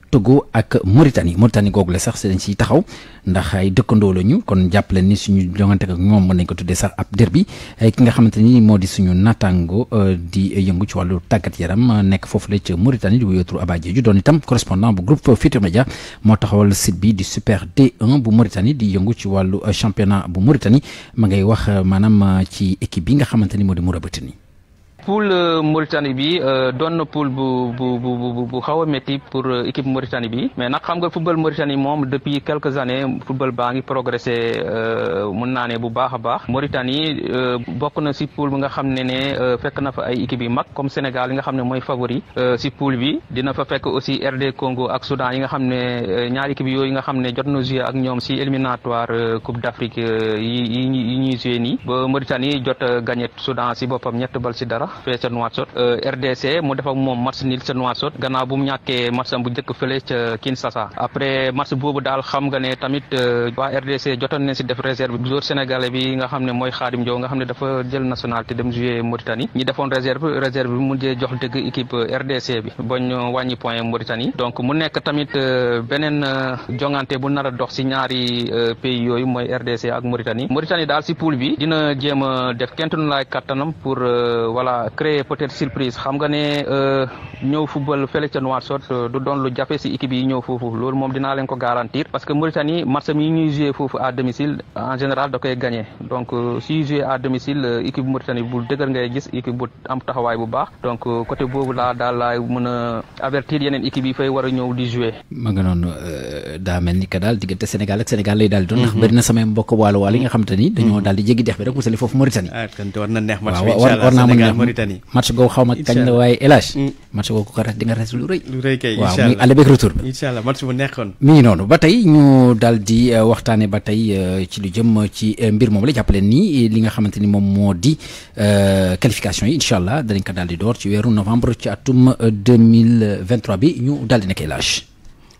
Togo ak Mauritanie Mauritanie googu la sax si dañ siy taxaw ndax ay dëkkandoo la kon jàpp ni suñu jongante ak moom mën nañ ko tuddee sax ab derbi ki nga ni di suñu naataango euh, di yëngu ci wàllu tàggat yaram euh, nekk foofu la ca Mauritanie di wuyoo tur Aba doon itam correspondant bu groupe Futurs Médias mo taxawal site bi di Super D1 bu Mauritanie di yëngu ci wàllu euh, championnat bu Mauritanie ma ngay wax maanaam ci équipe bi nga xamante ni moo di Mourabitani poule euh, Mauritanie bi euh, doon na poule bu bu bu bu xaw a métti pour euh, équipe Mauritanie bi mais nag xam nga football Mauritanie moom depuis quelques années football baa ngi progressé mun naa ne bu baax a baax Mauritanie bokk na si poule bi nga xam ne ne fekk na fa ay équipes yi mag comme Sénégal yi nga xam ne mooy favori si poul bi dina fa fekk aussi RD Congo ak Soudan yi nga xam ne ñaari équipes yooyu nga xam ne jot na jouer ak ñoom si éliminatoire Coupe d'Afrique yi yi ñuy jouer nii ba Mauritanie jot a gagné si boppam ñett bal si dara. fee ca Nouakchott euh, RDC mu def moom match nil ca Nouakchott gannaaw bu mu ñàkkee bu njëkk fële ca Kinshasa après match boobu daal xam nga ne tamit euh, waa RDC jotoon nañ si def réserve bi joueur sénégalais bi nga xam ne mooy Khadim Diop nga xam ne dafa jël nationalité dem jouer Mauritanie ñi defoon réserve réserve bi mujjee jox dëgg équipe euh, RDC bi bañ wàññi point Mauritanie donc mu nekk tamit beneen jongante bu nar a dox si ñaari pays yooyu mooy RDC ak Mauritanie Mauritanie a voilà créer peut-être surprise xam nga ne euh, ñëw football fële ca Nouakchott euh, du doon lu jafe si équipe yi ñëw foofu loolu moom dinaa leen ko garantir parce que Mauritanie match yi ñuy jouer foofu à domicile en général da koy gagné donc euh, si jouer à domicile équipe Mauritanie bu dëgër ngay gis équipe bu am taxawaay bu baax donc côté boobu laa daal laay mën a avertir yeneen équipe yi fay war a ñëw di jouer. ma nga noonu daal diggante Sénégal ak Sénégal lay daal Mauritanie. match googu xaw ma kañ la waaye El Hadj. Mm. match googu ko res di res lu rëy. waaw muy àll retour bi. incha allah match bu nekkoon. noonu ba tey ñu daal di euh, ba tey euh, ci lu jëm ci euh, mbir moom la jàppale nii li nga xamante ni moom moo di qualification yi incha allah danañ ko daal di door ci weeru novembre ci atum deux bi ñu daal nekk El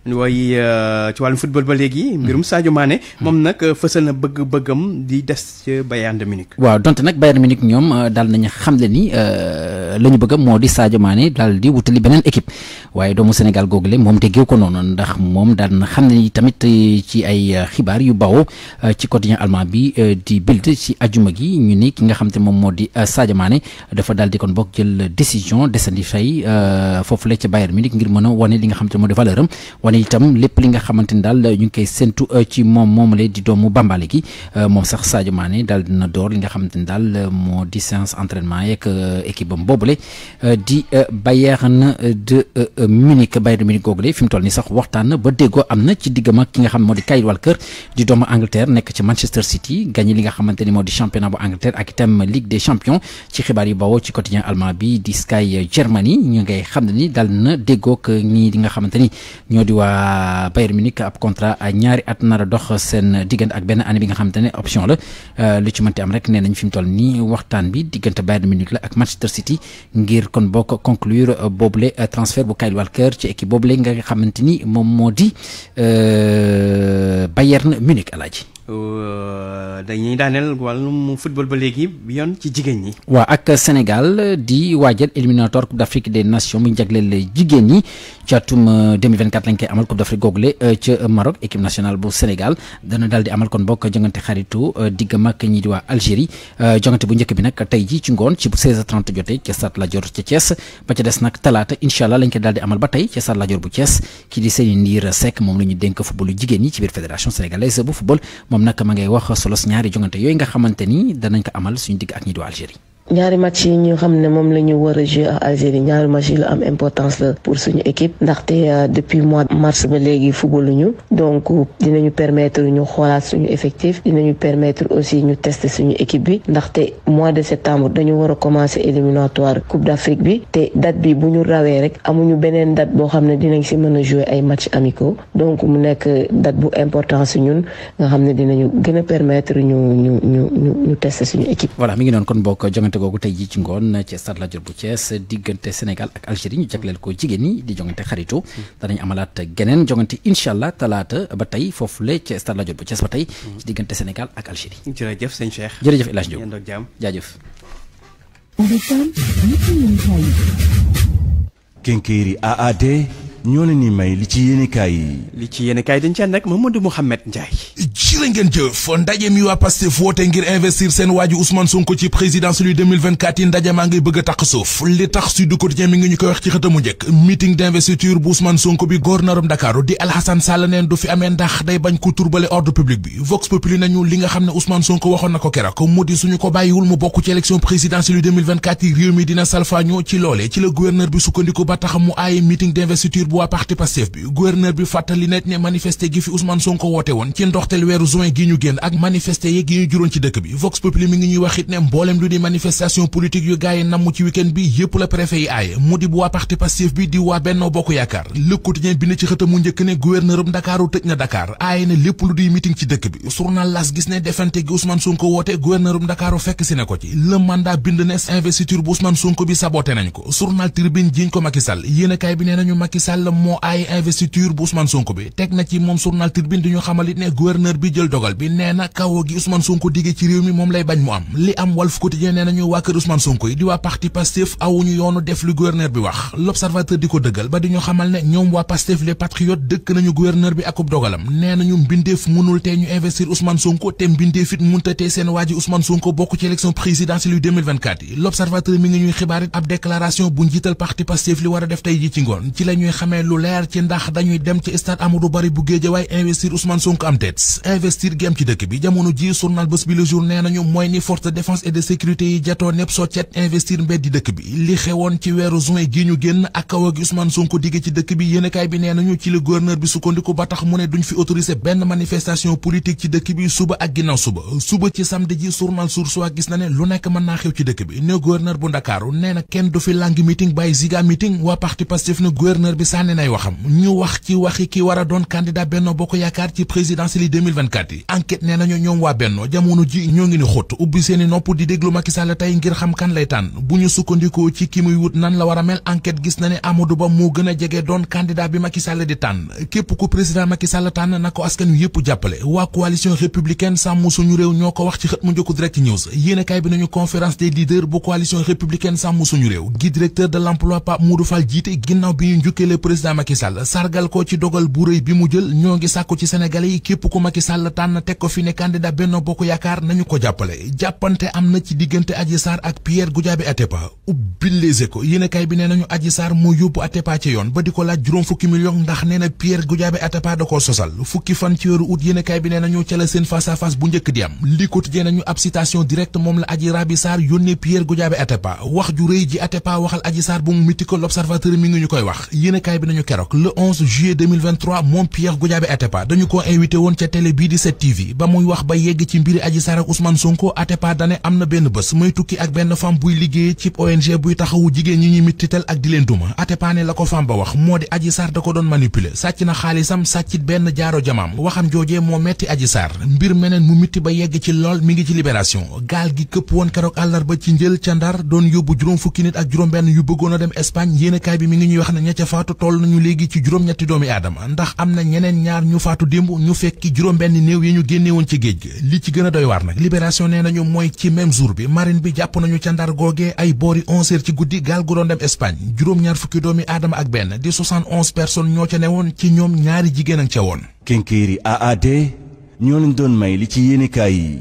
way euh, ci wàllum football ba léegi. mbirum Sadio Mané. moom nag euh, fësal na bëgg-bëggam di des ca Bayern de waaw donte nag Bayern Munich ñoom euh, daal nañu xamle ni la ñu bëgg moo di Sadio Mané daal di wutali beneen équipe waaye doomu Sénégal googule moom te géew ko ndax moom daal na xam ne ni tamit ci ay xibaar yu bawoo ci quotidien allemand bi di Bild ci ajuma gi ñu ni ki nga xam te moom moo di Sadio dafa daal di kon bokk jël décision desandi fay foofu la ci Bayern Munich ngir mën a wane li nga xam te moo di valeur am wane itam lépp li nga xamante ni daal ñu ngi koy sax waxtaan ba déggoo am na ci diggam ak ki nga xam moo di Kyle Walker di doomu Angleterre nekk ci Manchester City gagné li nga xamante ni moo di championnat bu Angleterre ak itam Ligue des champions ci xibaar yu bawoo ci quotidien allemand bi di Sky Germany ñu ngay xam ne ni na déggoo ak ñii di nga xamante ñoo di waa Bayern Munich ab contrat ñaari at nar a dox seen diggante ak benn année bi nga xamante ne option la euh, lu ci mënti am rek nee nañ fi mu toll nii waxtaan bi diggante Bayern Munich la ak Manchester City ngir kon boo ko conclure boobule transfert bu Kyle Walker ci équipe boobule nga xamante ni moom moo di euh, Bayern Munich alaaji Euh, dañuy daaneel wàllum football ba léegi yoon ci jigéen ñi. waa ak Sénégal di waajal éliminatoire coupe d' Afrique des nations mu jagleel jigéen ñi ci atum 2024 euh, lañ koy amal coupe d' Afrique google euh, ca Maroc équipe nationale bu Sénégal dana daal di amal kon bokk jongante xaritu diggam ak ñi di waa Algérie jongante bu njëkk bi nag tey ji ci ngoon ci bu 16h30 jotee ca Stade Lat Dior ca Thiès ba des nag talaata incha allah lañ koy daal di amal ba tey ca Stade Lat Dior bu cees ki di Seyni Ndiir Seck moom la ñu dénk footballu jigéen ñi ci biir fédération sénégalaise bu football. moom nag ma ngay wax solos ñaari jongante yooyu nga xamante ni danañ ko amal suñu digg ak ñi di Algérie ñaari match yi ñu xam ne moom la ñu war a jouer ak Algérie ñaari match yi lu am importance la pour suñu équipe ndaxte euh, depuis mois de mars ba léegi footballuñu donc dinañu permettre ñu xoolaat suñu effectif dinañu permettre aussi ñu tester suñu équipe bi ndaxte mois de septembre dañu war a commencer éliminatoire Coupe d'Afrique bi te date bi bu ñu rawee rek amuñu beneen date boo xam ne dinañ si mën a jouer ay match amicaux donc mu nekk date bu importance ñun nga xam ne dinañu gën a permettre ñu ñu ñu ñu tester suñu équipe. voilà mi ngi noonu kon bokk jongante googu tey jii ci ngoon ci stade Lat Dior bu Thiès diggante Sénégal ak Algérie ñu jagleel ko jigéen ñi di jongante xaritu danañ amalaat geneen jongante ba tey foofu le ci stade Lat Dior bu Thiès ba tey ci diggante Sénégal ak Algérie jërëjëf sëñ Cheikh jërëjëf El Hadj Diop jaajëf Kenkeyri AAD ñoo leen ni may li ci yéenekaay yi. li ci yéenekaay dañ ci ànd ak Mamadou Mouhamed Ndiaye. jërë ngeen jëf ndaje mi waa Pastef woote ngir investir seen waaju Ousmane Sonko ci présidentielle yu yi ndaje maa ngi bëgg a tax suuf li tax Sud Quotidien mi ngi ñu koy wax ci xëtamu njëkk meeting d'investiture bu Ousmane Sonko bi gornaarum Dakar di Alhassane Sall neen du fi amee ndax day bañ ko turbale ordre public bi nañu li nga xam ne Ousmane Sonko waxoon na ko keroog mu di suñu ko bàyyiwul bu waa parti Pastef bi gouverneur bi fàttali net ne manifesté gi fi Ousmane Sonko woote woon ngi wax it mbooleem lu di manifestation politique yu gaay namm ci week bi yépp la préfet yi aaye mu di bu waa parti bi di waa Benno Bokk Yaakaar Le Quotidien bi ne ci xëtamu njëkk ne gouverneur bu tëj na Dakar aaye ne lépp lu di meeting ci dëkk bi journal L'As gis ne defante gi Ousmane Sonko woote gouverneur bu fekk si ne ko ci le bind ne investiture bu Ousmane Sonko bi saboté nañ ko journal Tribune jiñ ko Macky Sall yéen yàlla moo ay investiture bu Ousmane Sonko bi teg na ci moom journal Tribune di ñu xamalit ne gouverneur bi jël dogal bi nee na kawo waa kër Ousmane Sonko yi di waa parti Pastef awuñu yoonu def lu gouverneur bi wax l'observateur di ko dëggal ba di ñu xamal ne ñoom waa Pastef les patriotes dëkk nañu gouverneur bi akub dogalam nee nañu mbindeef mënul tee ñu investir Ousmane Sonko te mbindeef it mënta tee seen waa ji Ousmane bokk ci élection présidentielle ci ngoon ci amee lu leer ci ndax dañuy dem ci stade Amadou Barry bu Guédiawaye investir Ousmane Sonko am déet investir gi ci dëkk bi jamono ji journal Bës Bi Le nee nañu mooy ni force de défense et de sécurité yi jatoo nepp soccet investir mbedd di dëkk bi li xewoon ci weeru juin gi ñu génn ak kaw gi Ousmane Sonko digge ci dëkk bi yéenekaay bi nee nañu ci la gouverneur bi sukkandiku ba tax mu ne duñ fi autoriser benn manifestation politique ci dëkk bi suba ak ginnaaw suba suba ci samedi ji gis na ne lu nekk mën naa xew ci dëkk bi ne gouverneur bu Ndakaaru nee na kenn du fi langue meeting bàyyi ziga meeting waa daane nay waxam ñu wax ci waxi ki war a doon candidat Benno Bokk Yaakaar ci présidentielle yi 2024 yi nañu ñoom waa Benno jamono ji ñoo ngi ni xóot ubbi seeni nopp di déglu Macky Sall tey ngir xam kan lay tànn bu ñu sukkandikoo ci ki muy wut nan la war a mel enquête gis na ne Amadou Ba moo gën a jege doon candidat bi Macky Sall di tànn képp ku président Macky Sall tànn na ko askan wi yëpp jàppale waa coalition républicaine sàmm suñu réew ñoo ko wax ci xët mu njëkk direct news yéenekaay bi nañu conférence des leaders bu coalition républicaine sàmm suñu réew gi directeur de l'emploi Pape Modou Fall jiite ginnaaw bi ñu njukkee président Macky Sall sargal ko ci dogal bu rëy bi mu jël ñoo ngi sàkku ci sénégalais yi képp ku Macky Sall tànn teg ko fi ne candidat Benno Bokk Yaakaar nañu ko jàppale jàppante am na ci diggante Adji Sarr ak Pierre Goudiaby Atepa ubbilese ko yéenekaay bi nee nañu Adji Sarr moo yóbbu Atepa ci yoon ba di ko laaj juróom fukki million ndax nee na Pierre Goudiaby Atepa da koo sosal fukki fan ci weeru août yéenekaay bi nee nañu ca la seen face à bu njëkk di am bi nañu keroog le 11 moom Pierre Goudiaby Atepa dañu ko invité woon ca télé bii di 7TV ba muy wax ba yegg ci mbiri Adji ak Ousmane Sonko Atepa dane am na benn bés muy tukki ak benn femme buy liggéey ci ONG buy taxawu jigéen ñi ñuy mittital ak di leen duma Atepa ne la ko femme ba wax moo di Adji da ko doon manipuler sàcc na xaalisam sàccit benn jaaro jamaam waxam joojee moo metti Adji mbir meneen mu mitti ba yegg ci lool mi ngi ci libération a dem Espagne yéenekaay bi mi ngi ñuy wax tool nañu léegi ci juróom-ñetti doomi aadama ndax am na ñeneen ñaar ñu faatu démb ñu fekki juróom-benn néew yi ñu génne ci géej gi li ci gën doy waar nag libération nee nañu mooy ci même jour bi marine bi jàpp nañu ca ndar googee ay boori 11 heures ci guddi gaal gu doon dem Espagne juróom-ñaar fukki doomi aadama ak benn di 71 personnes ñoo ca newoon ci ñoom ñaari jigéen ak ca woon. Kenkeyri AAD ñoo leen doon may li ci yéenekaay yi.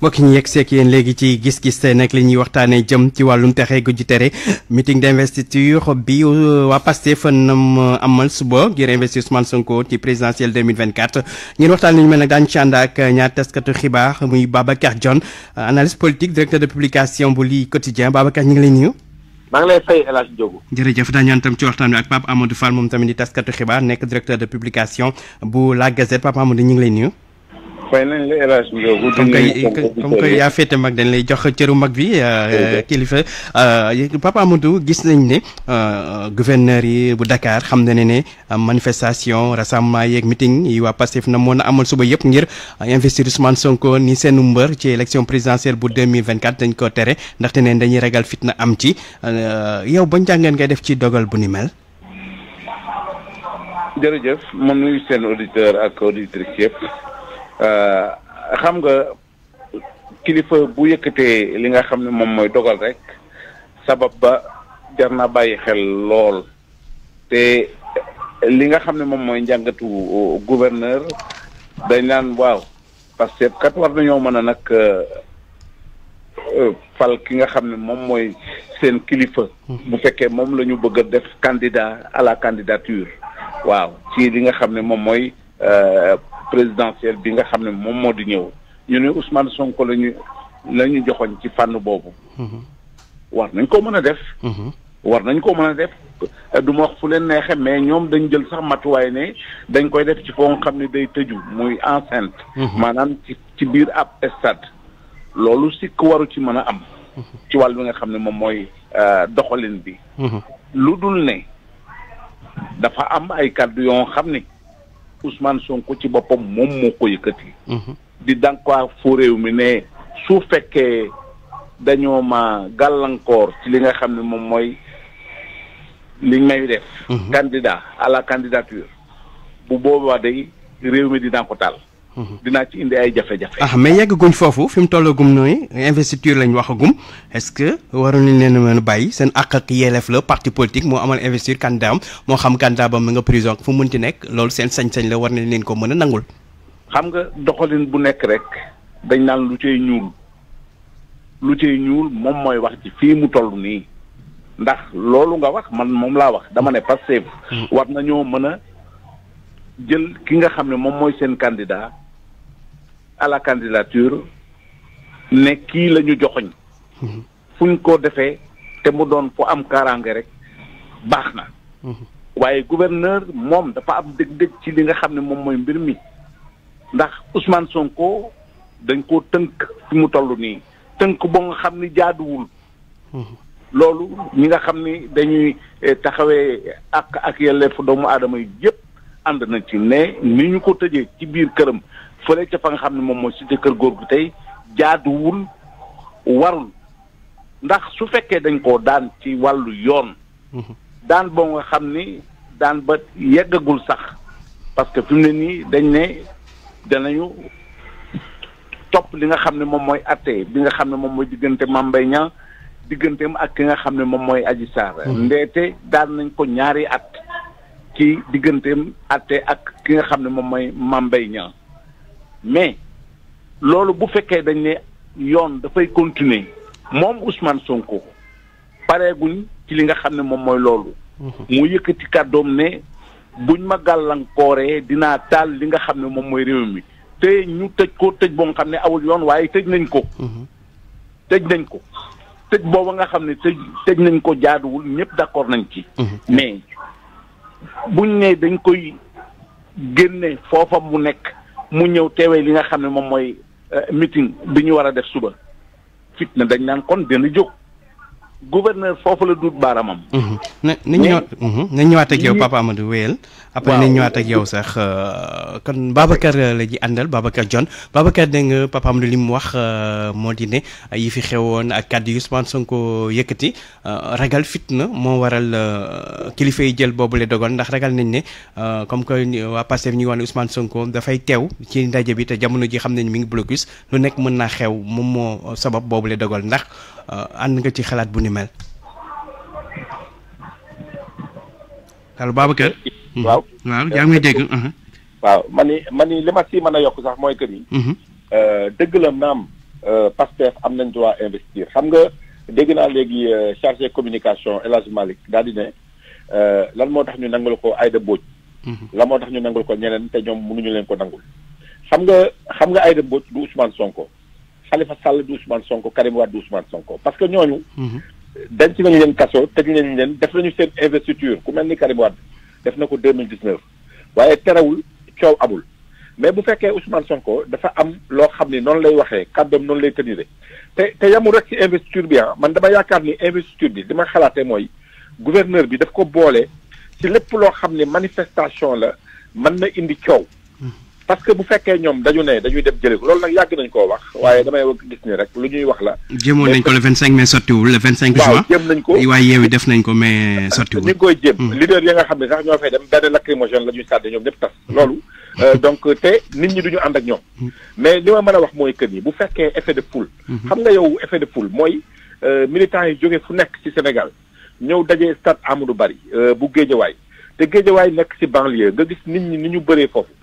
mbokk ñu yegg seeg yéen léegi ci gis-gis nag li ñuy waxtaanee jëm ci wàllum texe gu ju tere meeting d'investiture bi euh, waa Pastef nam euh, amal suba ngir investir Ousmane Sonko ci présidentielle 2024 ngeen waxtaan ñu mel nag daañu ci ànd ak euh, ñaar taskatu xibaar muy Babacar Dione analyste politique directeur de publication bu lii quotidien Babacar ñu ngi lay nuyu. maa ngi lay fay El Hadj Diogo. jërëjëf daañu naan tam ci waxtaan wi ak Pape Amadou Fall moom tamit di taskatu xibaar nekk directeur de publication La Gazette Pape ñu ngi lay nuyu. fay nañ la El Hadj Ndiogou. comme comme que yaa féete mag dañ lay jox ceru mag bi euh, kilifa euh, Papa Amadou gis nañ ne euh, gouverneur yi bu dakaar xam na ne ne manifestation rassemblement yeeg meeting yi waa Pastef na moo na amal suba yëpp ngir investir Ousmane Sonko ni seen mbër ci élection présidentielle bu 2024 dañ ko tere ndaxte neen dañuy ragal fitna am ci yow ba njàngeen ngay def ci dogal bu ni mel. Euh, xam nga kilifa bu yëkkatee li nga xam ne moom mooy dogal rek sabab ba jar na bàyyi xel lool te li nga xam ne moom mooy njàngatu euh, gouverneur dañ naan waaw parce que kat war nañoo mën a nag euh, fal ki nga xam ne moom mooy seen kilifa. Mhm. bu fekkee moom la ñu bëgg def candidat à la candidature waaw ci li nga xam ne moom mooy. présidentielle bi nga xam ne moom moo di ñëw ñu ne Ousmane Sonko la ñu la ñu joxoon ci fànn boobu. war nañ ko mën a def. war nañ ko mën a def du ma wax fu leen neexee mais ñoom dañ jël sax matuwaay ne dañ koy def ci foo nga xam ne day tëju muy enceinte. Mhm. maanaam ci ci biir ab stade. loolu sikk waru ci mën a am. ci wàll bi nga xam ne moom mooy euh, doxalin bi. Mhm. lu dul ne dafa am ay kàddu yoo xam ni. Ousmane Sonko ci boppam moom moo ko yi mhm. di dankaa fu réew mi ne su fekkee dañoo ma gàllankoor ci li nga xam ne moom mooy li may def. Mhm. candidat à la candidature bu boobaa day réew mi dinaa ko taal. dinaa ci indi ay jafe-jafe. ah mais yeggaguñ foofu fi mu tollagum nooy investiture lañ waxagum est-ce que waroon nañ leen mën a bàyyi seen àq ak yelleef la parti politique moo amal investiture candidat moo xam candidat ba nga prison fu mu mënti nekk loolu seen sañ la war nañ leen ko mën a nangul. xam nga doxalin bu nekk rek dañ naan lu ci ñuul lu ci ñuul moom mooy wax ci fii mu toll nii ndax loolu nga wax man moom laa wax dama ne Pastef mm. war nañoo mën a jël ki nga xam ne moom mooy seen candidat. à la ne kii lañu ñu joxoñ mhm. fuñ ko defee te mu doon fu am kaaraange rek baax na mhm. waaye gouverneur moom dafa am dëgg-dëgg ci li nga xam ne moom mooy mbir mi ndax Ousmane Sonko dañ koo tënk fi mu toll nii tënk bo nga xam ni jaaduwul mhm. loolu ñi nga xam ni dañuy eh, taxawee ak ak yelleefu doomu aadama yi yëpp ànd na ci ne ni ñu ko tëjee ci biir këram fële ca fa nga xam ne moom mooy cité kër góor gu tey jaaduwul warul ndax su fekkee dañ koo daan ci wàllu yoon mhm. daan boo nga xam ni daan ba yeggagul sax parce que fi mu ne nii dañ ne danañu topp li nga xam bi nga ak ki nga mhm. daan nañ ko ñaari at ci ak ki nga xam ne moom mooy Mame mais loolu bu fekkee dañ ne yoon dafay continuer moom Ousmane Sonko pareeguñ ci li nga xam ne moom mooy loolu. Mhm. mu yëkkati kàddoom ne buñ ma gàllankooree dinaa taal li nga xam ne moom mooy réew mi te ñu tëj ko tëj boo nga xam ne awul yoon waaye tëj nañ ko. Mhm. tëj nañ ko tëj booba nga xam ne tëj tëj nañ ko jaaduwul ñëpp d'accord nañ ci. Mhm. mais buñ ne dañ koy génne foofa mu nekk. mu ñëw teewee li nga xam ne moom mooy euh, meeting bi ñu war a def suba. na dañ naan kon dina jóg. gouverneur foofu la duut baaramam. na na ñu ñëwaat ak yow papa Amadou wéyal. après na ñëwaat ak yow sax euh, kon Babacar euh, la ji àndal Babacar jon Babacar dégg nga papa Amadou li mu wax euh, moo di ne yi fi woon ak kàddu yu Ousmane Sonko yëkkati ragal fitna moo waral kilifa yi jël boobule dogal ndax ragal nañ ne comme que waa Pastef ñu ngi wax ne Ousmane Sonko dafay teew ci ndaje bi te jamono ji xam nañ mi ngi blocus lu nekk mën naa xew moom moo sabab boobule dogal ndax mel. allo Babacar. Hmm. waaw waaw dégg. Uh-huh. waaw man ni man ni li ma si mën a yokk sax mooy kër yi. Uh-huh. Euh, dëgg la naam euh, Pastef am nañ droit investir xam nga dégg naa léegi euh, chargé communication El daal di ne lan moo tax ñu nangul ko Aïda Mbodj. Uh-huh. lan moo tax ñu nangul ko ñeneen te ñoom mënuñu leen ko nangul. xam nga xam nga Aïda Mbodj du Ousmane Sonko Khalifa Sall du Ousmane Sonko Karim du Ousmane Sonko parce que ñooñu. denc nañu leen kaso tëj nañu leen def nañu seen investiture ku mel ni Karim Wade def na ko deux mille dix-neuf waaye terewul coow amul mais bu fekkee Ousmane Sonko dafa am loo xam ni noonu lay waxee kàddoom noonu lay tënire te te yamul rek ci investiture bi ah man dama yaakaar ni investiture bi li ma xalaatee mooy gouverneur bi daf ko boole ci lépp loo xam ne manifestation la man na indi coow parce que bu fekkee ñoom dañu ne dañuy dem jëli ko loolu nag yàgg nañ koo wax waaye damay gis ni rek lu ñuy wax la. jéemoon nañ ko le 25 mai sottiwul le 25 juin. waaw jéem nañ ko waaye yeewi def nañ ko mais sottiwul. ñu koy jéem. Hmm. leader nga xam ne sax ñoo fay dem benn lacrymogène la ñuy sàdde ñoom ñëpp tas. Hmm. loolu euh, donc te nit ñi du ñu ànd ak ñoom. Hmm. mais li ma mën a wax mooy que ni bu fekkee effet de poule. xam nga yow effet de poule mooy euh, militants yi jóge fu nekk ci Sénégal ñëw daje stade Amadou Barry euh, bu Géejawaay te Géejawaay nekk ci banlieue nga gis nit ñi ni ñu bëree foofu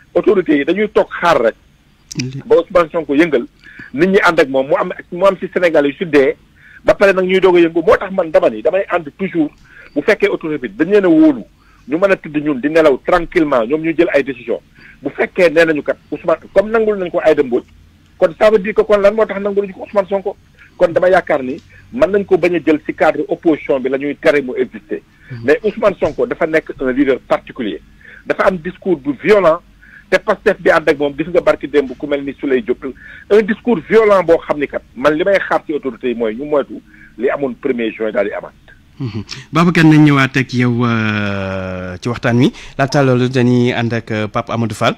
autorités yi dañuy toog xaar rek. ba Ousmane Sonko yëngal nit ñi ànd rek moom mu am mu am si Sénégal yu suddee ba pare nag ñuy doog a yëngu moo tax man dama ni damay ànd toujours bu fekkee autorité bi dañ leen a wóolu ñu mën a tëdd ñun di nelaw tranquillement ñoom ñu jël ay décision bu fekkee nee nañu kat Ousmane comme nangul nañ ko ay Mbodj kon ça veut dire que kon lan moo tax nangul nañu ko Ousmane Sonko kon dama yaakaar ni mën nañ ko bañ a jël ci cadre opposition bi la ñuy tere mu hmm. mais Ousmane Sonko dafa nekk un leader particulier dafa am discours bu violent te Pastef bi ànd ak moom gis nga barki démb ku mel ni Diop un discours violent boo xam ni kat man li may xaar ci autorité yi mooy ñu moytu li amoon premier juin daal di amaat. Mhm. Babacar nañ ñëwaat ak yow euh, ci waxtaan wi laata loolu dañuy ànd ak euh, Pape Amadou Fall.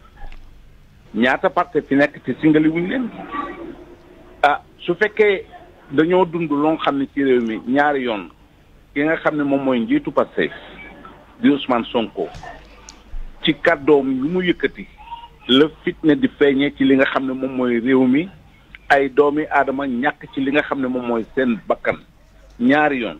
ñaata parti fi nekk ci singali wuñu leen ah su fekkee dañoo dund loo xam ne ci réew mi ñaari yoon ki nga xam ne moom mooy njiitu Pastef di Ousmane Sonko ci kàddoom yu mu yëkkati la fitna di feeñee ci li nga xam ne moom mooy réew mi ay doomi aadama ñàkk ci li nga xam ne moom mooy seen bakkan ñaari yoon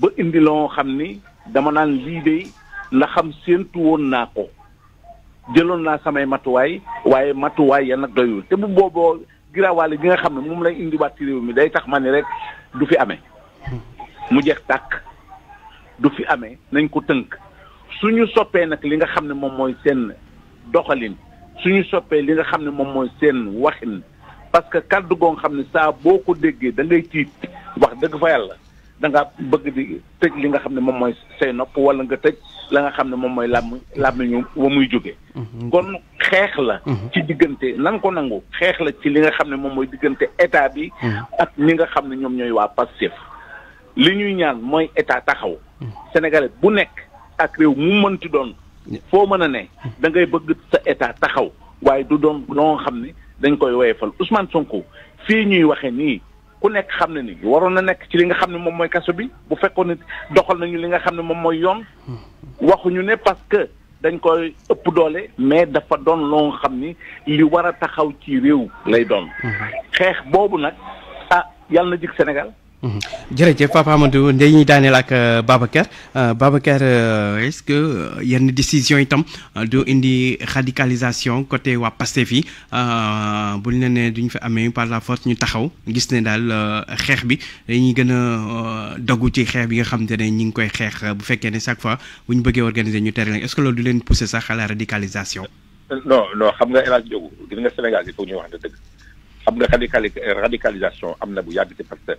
ba indi loo xam ni dama naan lii de la xam séentu woon naa ko jëloon naa samay matuwaay waaye matuwaay ya nag doyul te bu booboo giraawaale gi nga xam ne moom lay indiwaat ci réew mi day tax ma ni rek du fi amee mu jeex tàkk du fi amee nañ ko tënk suñu soppee nag li nga xam ne moom mooy seen doxalin suñu soppee li nga xam ne moom mooy seen waxin parce que kàddu goo xam ne saa boo ko déggee da ngay tiit wax dëgg fa yàlla da nga bëgg di tëj li nga xam ne moom mooy say nopp wala nga tëj la nga xam ne moom mooy làmm làmmiñu wa muy jóge mhm. kon xeex la mhm. ci diggante nan ko nangu xeex la ci li nga xam ne moom mooy diggante état bi mhm. ak ñi nga xam ne ñoom ñooy waa Pastef li ñuy ñaan mooy état taxaw sénégalais bu nekk ak réew mu mënti doon foo mën a ne da ngay bëgg sa état taxaw waaye du doon loo xam ne dañ koy woyefal Ousmane Sonko fii ñuy waxe nii ku nekk xam ne ni waroon na nekk ci li nga xam ne moom mooy kaso bi bu fekkoon ne doxal nañu li nga xam ne moom mooy yoon waxuñu ne parce que dañ koy ëpp doole mais dafa doon loo xam ni li war a taxaw ci réew lay doon mm-hmm. xeex boobu nag ah yàlla na jig Sénégal Mhm. jërëjëf Papa Amadou dañuy daaneel ak euh, Babacar euh, Babacar euh, est-ce que yenn décision itam do indi radicalisation côté wa Pastef yi buñ ne né duñ fa amé par la force ñu taxaw gis né dal xex bi dañuy gëna a dogu ci xex bi nga xam tane ne ñi ngi koy xex bu fekkee ne chaque fois bu ñu bëggee organiser ñu tere est-ce que loolu du leen pousser sax à la radicalisation. non non xam nga El jogu Diogo gis nga Sénégal il faut ñu wax dëgg xam nga radicalisation am na bu yàgg ci Pastef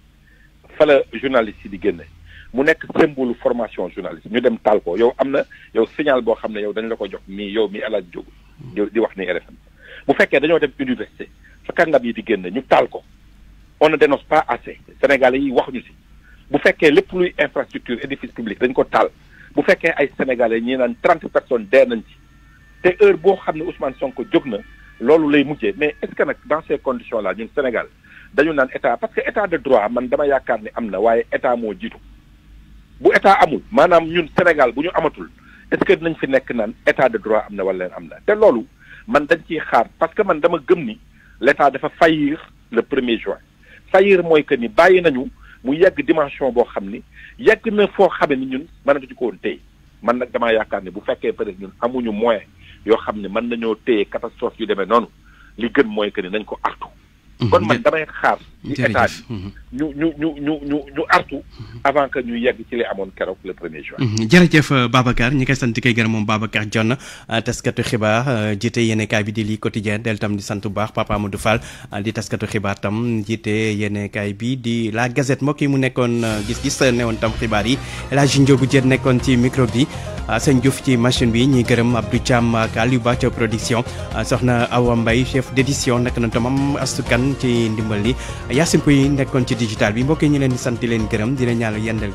fa la journaliste di génne mu nek symbole formation journaliste ñu dem taal ko yow amna yow signal bo xam yow dañ la ko jox mii yow mi ala jog di wax ni RFM bu fekkee dañu dem université fa kàngam bi di génne ñu taal ko on ne dénonce pas assez sénégalais yi waxuñu si bu fekkee lepp luy infrastructure édifice public dañ ko tal bu fekkee ay sénégalais ñi Nan trente personnes dee nañ ci te heure bo xam Ousmane Sonko jóg na lay mujjé mais est-ce que nak dans ces conditions là ñun Sénégal dañu naan état parce que état de droit man dama yaakaar ni am na waaye état moo jiitu bu état amul maanaam ñun Sénégal bu ñu amatul est-ce que fi nekk naan état de droit am na wala leen am na te loolu man dañ ciy xaar parce que man dama gëm ni l'état dafa faillir le premier juin faillir mooy que ni bàyyi nañu mu yegg dimension boo xam ni yegg na foo xame ni ñun mënatuñu ko woon téye man nag damaa yaakaar ni bu fekkee peut-être ñun amuñu moyen yoo xam ne mën nañoo téye catastrophe yu demee noonu li gën mooy que ni nañ ko artu Mm-hmm. kon man damay xaar ci état bi mm-hmm. ñu artu mm-hmm. avant que ñu yegg ci li amoon keroog le premier juin jërëjëf euh, Babacar ñi koy sant koy gër moom Babacar Dione euh, taskatu xibaar euh, jiite yéenekaay bi di lii quotidien del tam di sant bu baax Papa du Fall di taskatu xibaar tam jiite yéenekaay bi di la Gazette mbokk yi mu nekkoon gis-gis newoon tam xibaar yi El Hadji Ndiogou Diène nekkoon ci micro bi Assane ah, Diouf ci machine bi ñuy gërëm Abdou Thiam ak ah, Aliou Ba ca production ah, soxna chef d'édition nak na tamam Astou Kane ci ndimbal li Yassine Pouy nekkoon ci digital bi mbokk ñu leen di sant leen gërëm ñaanal yendal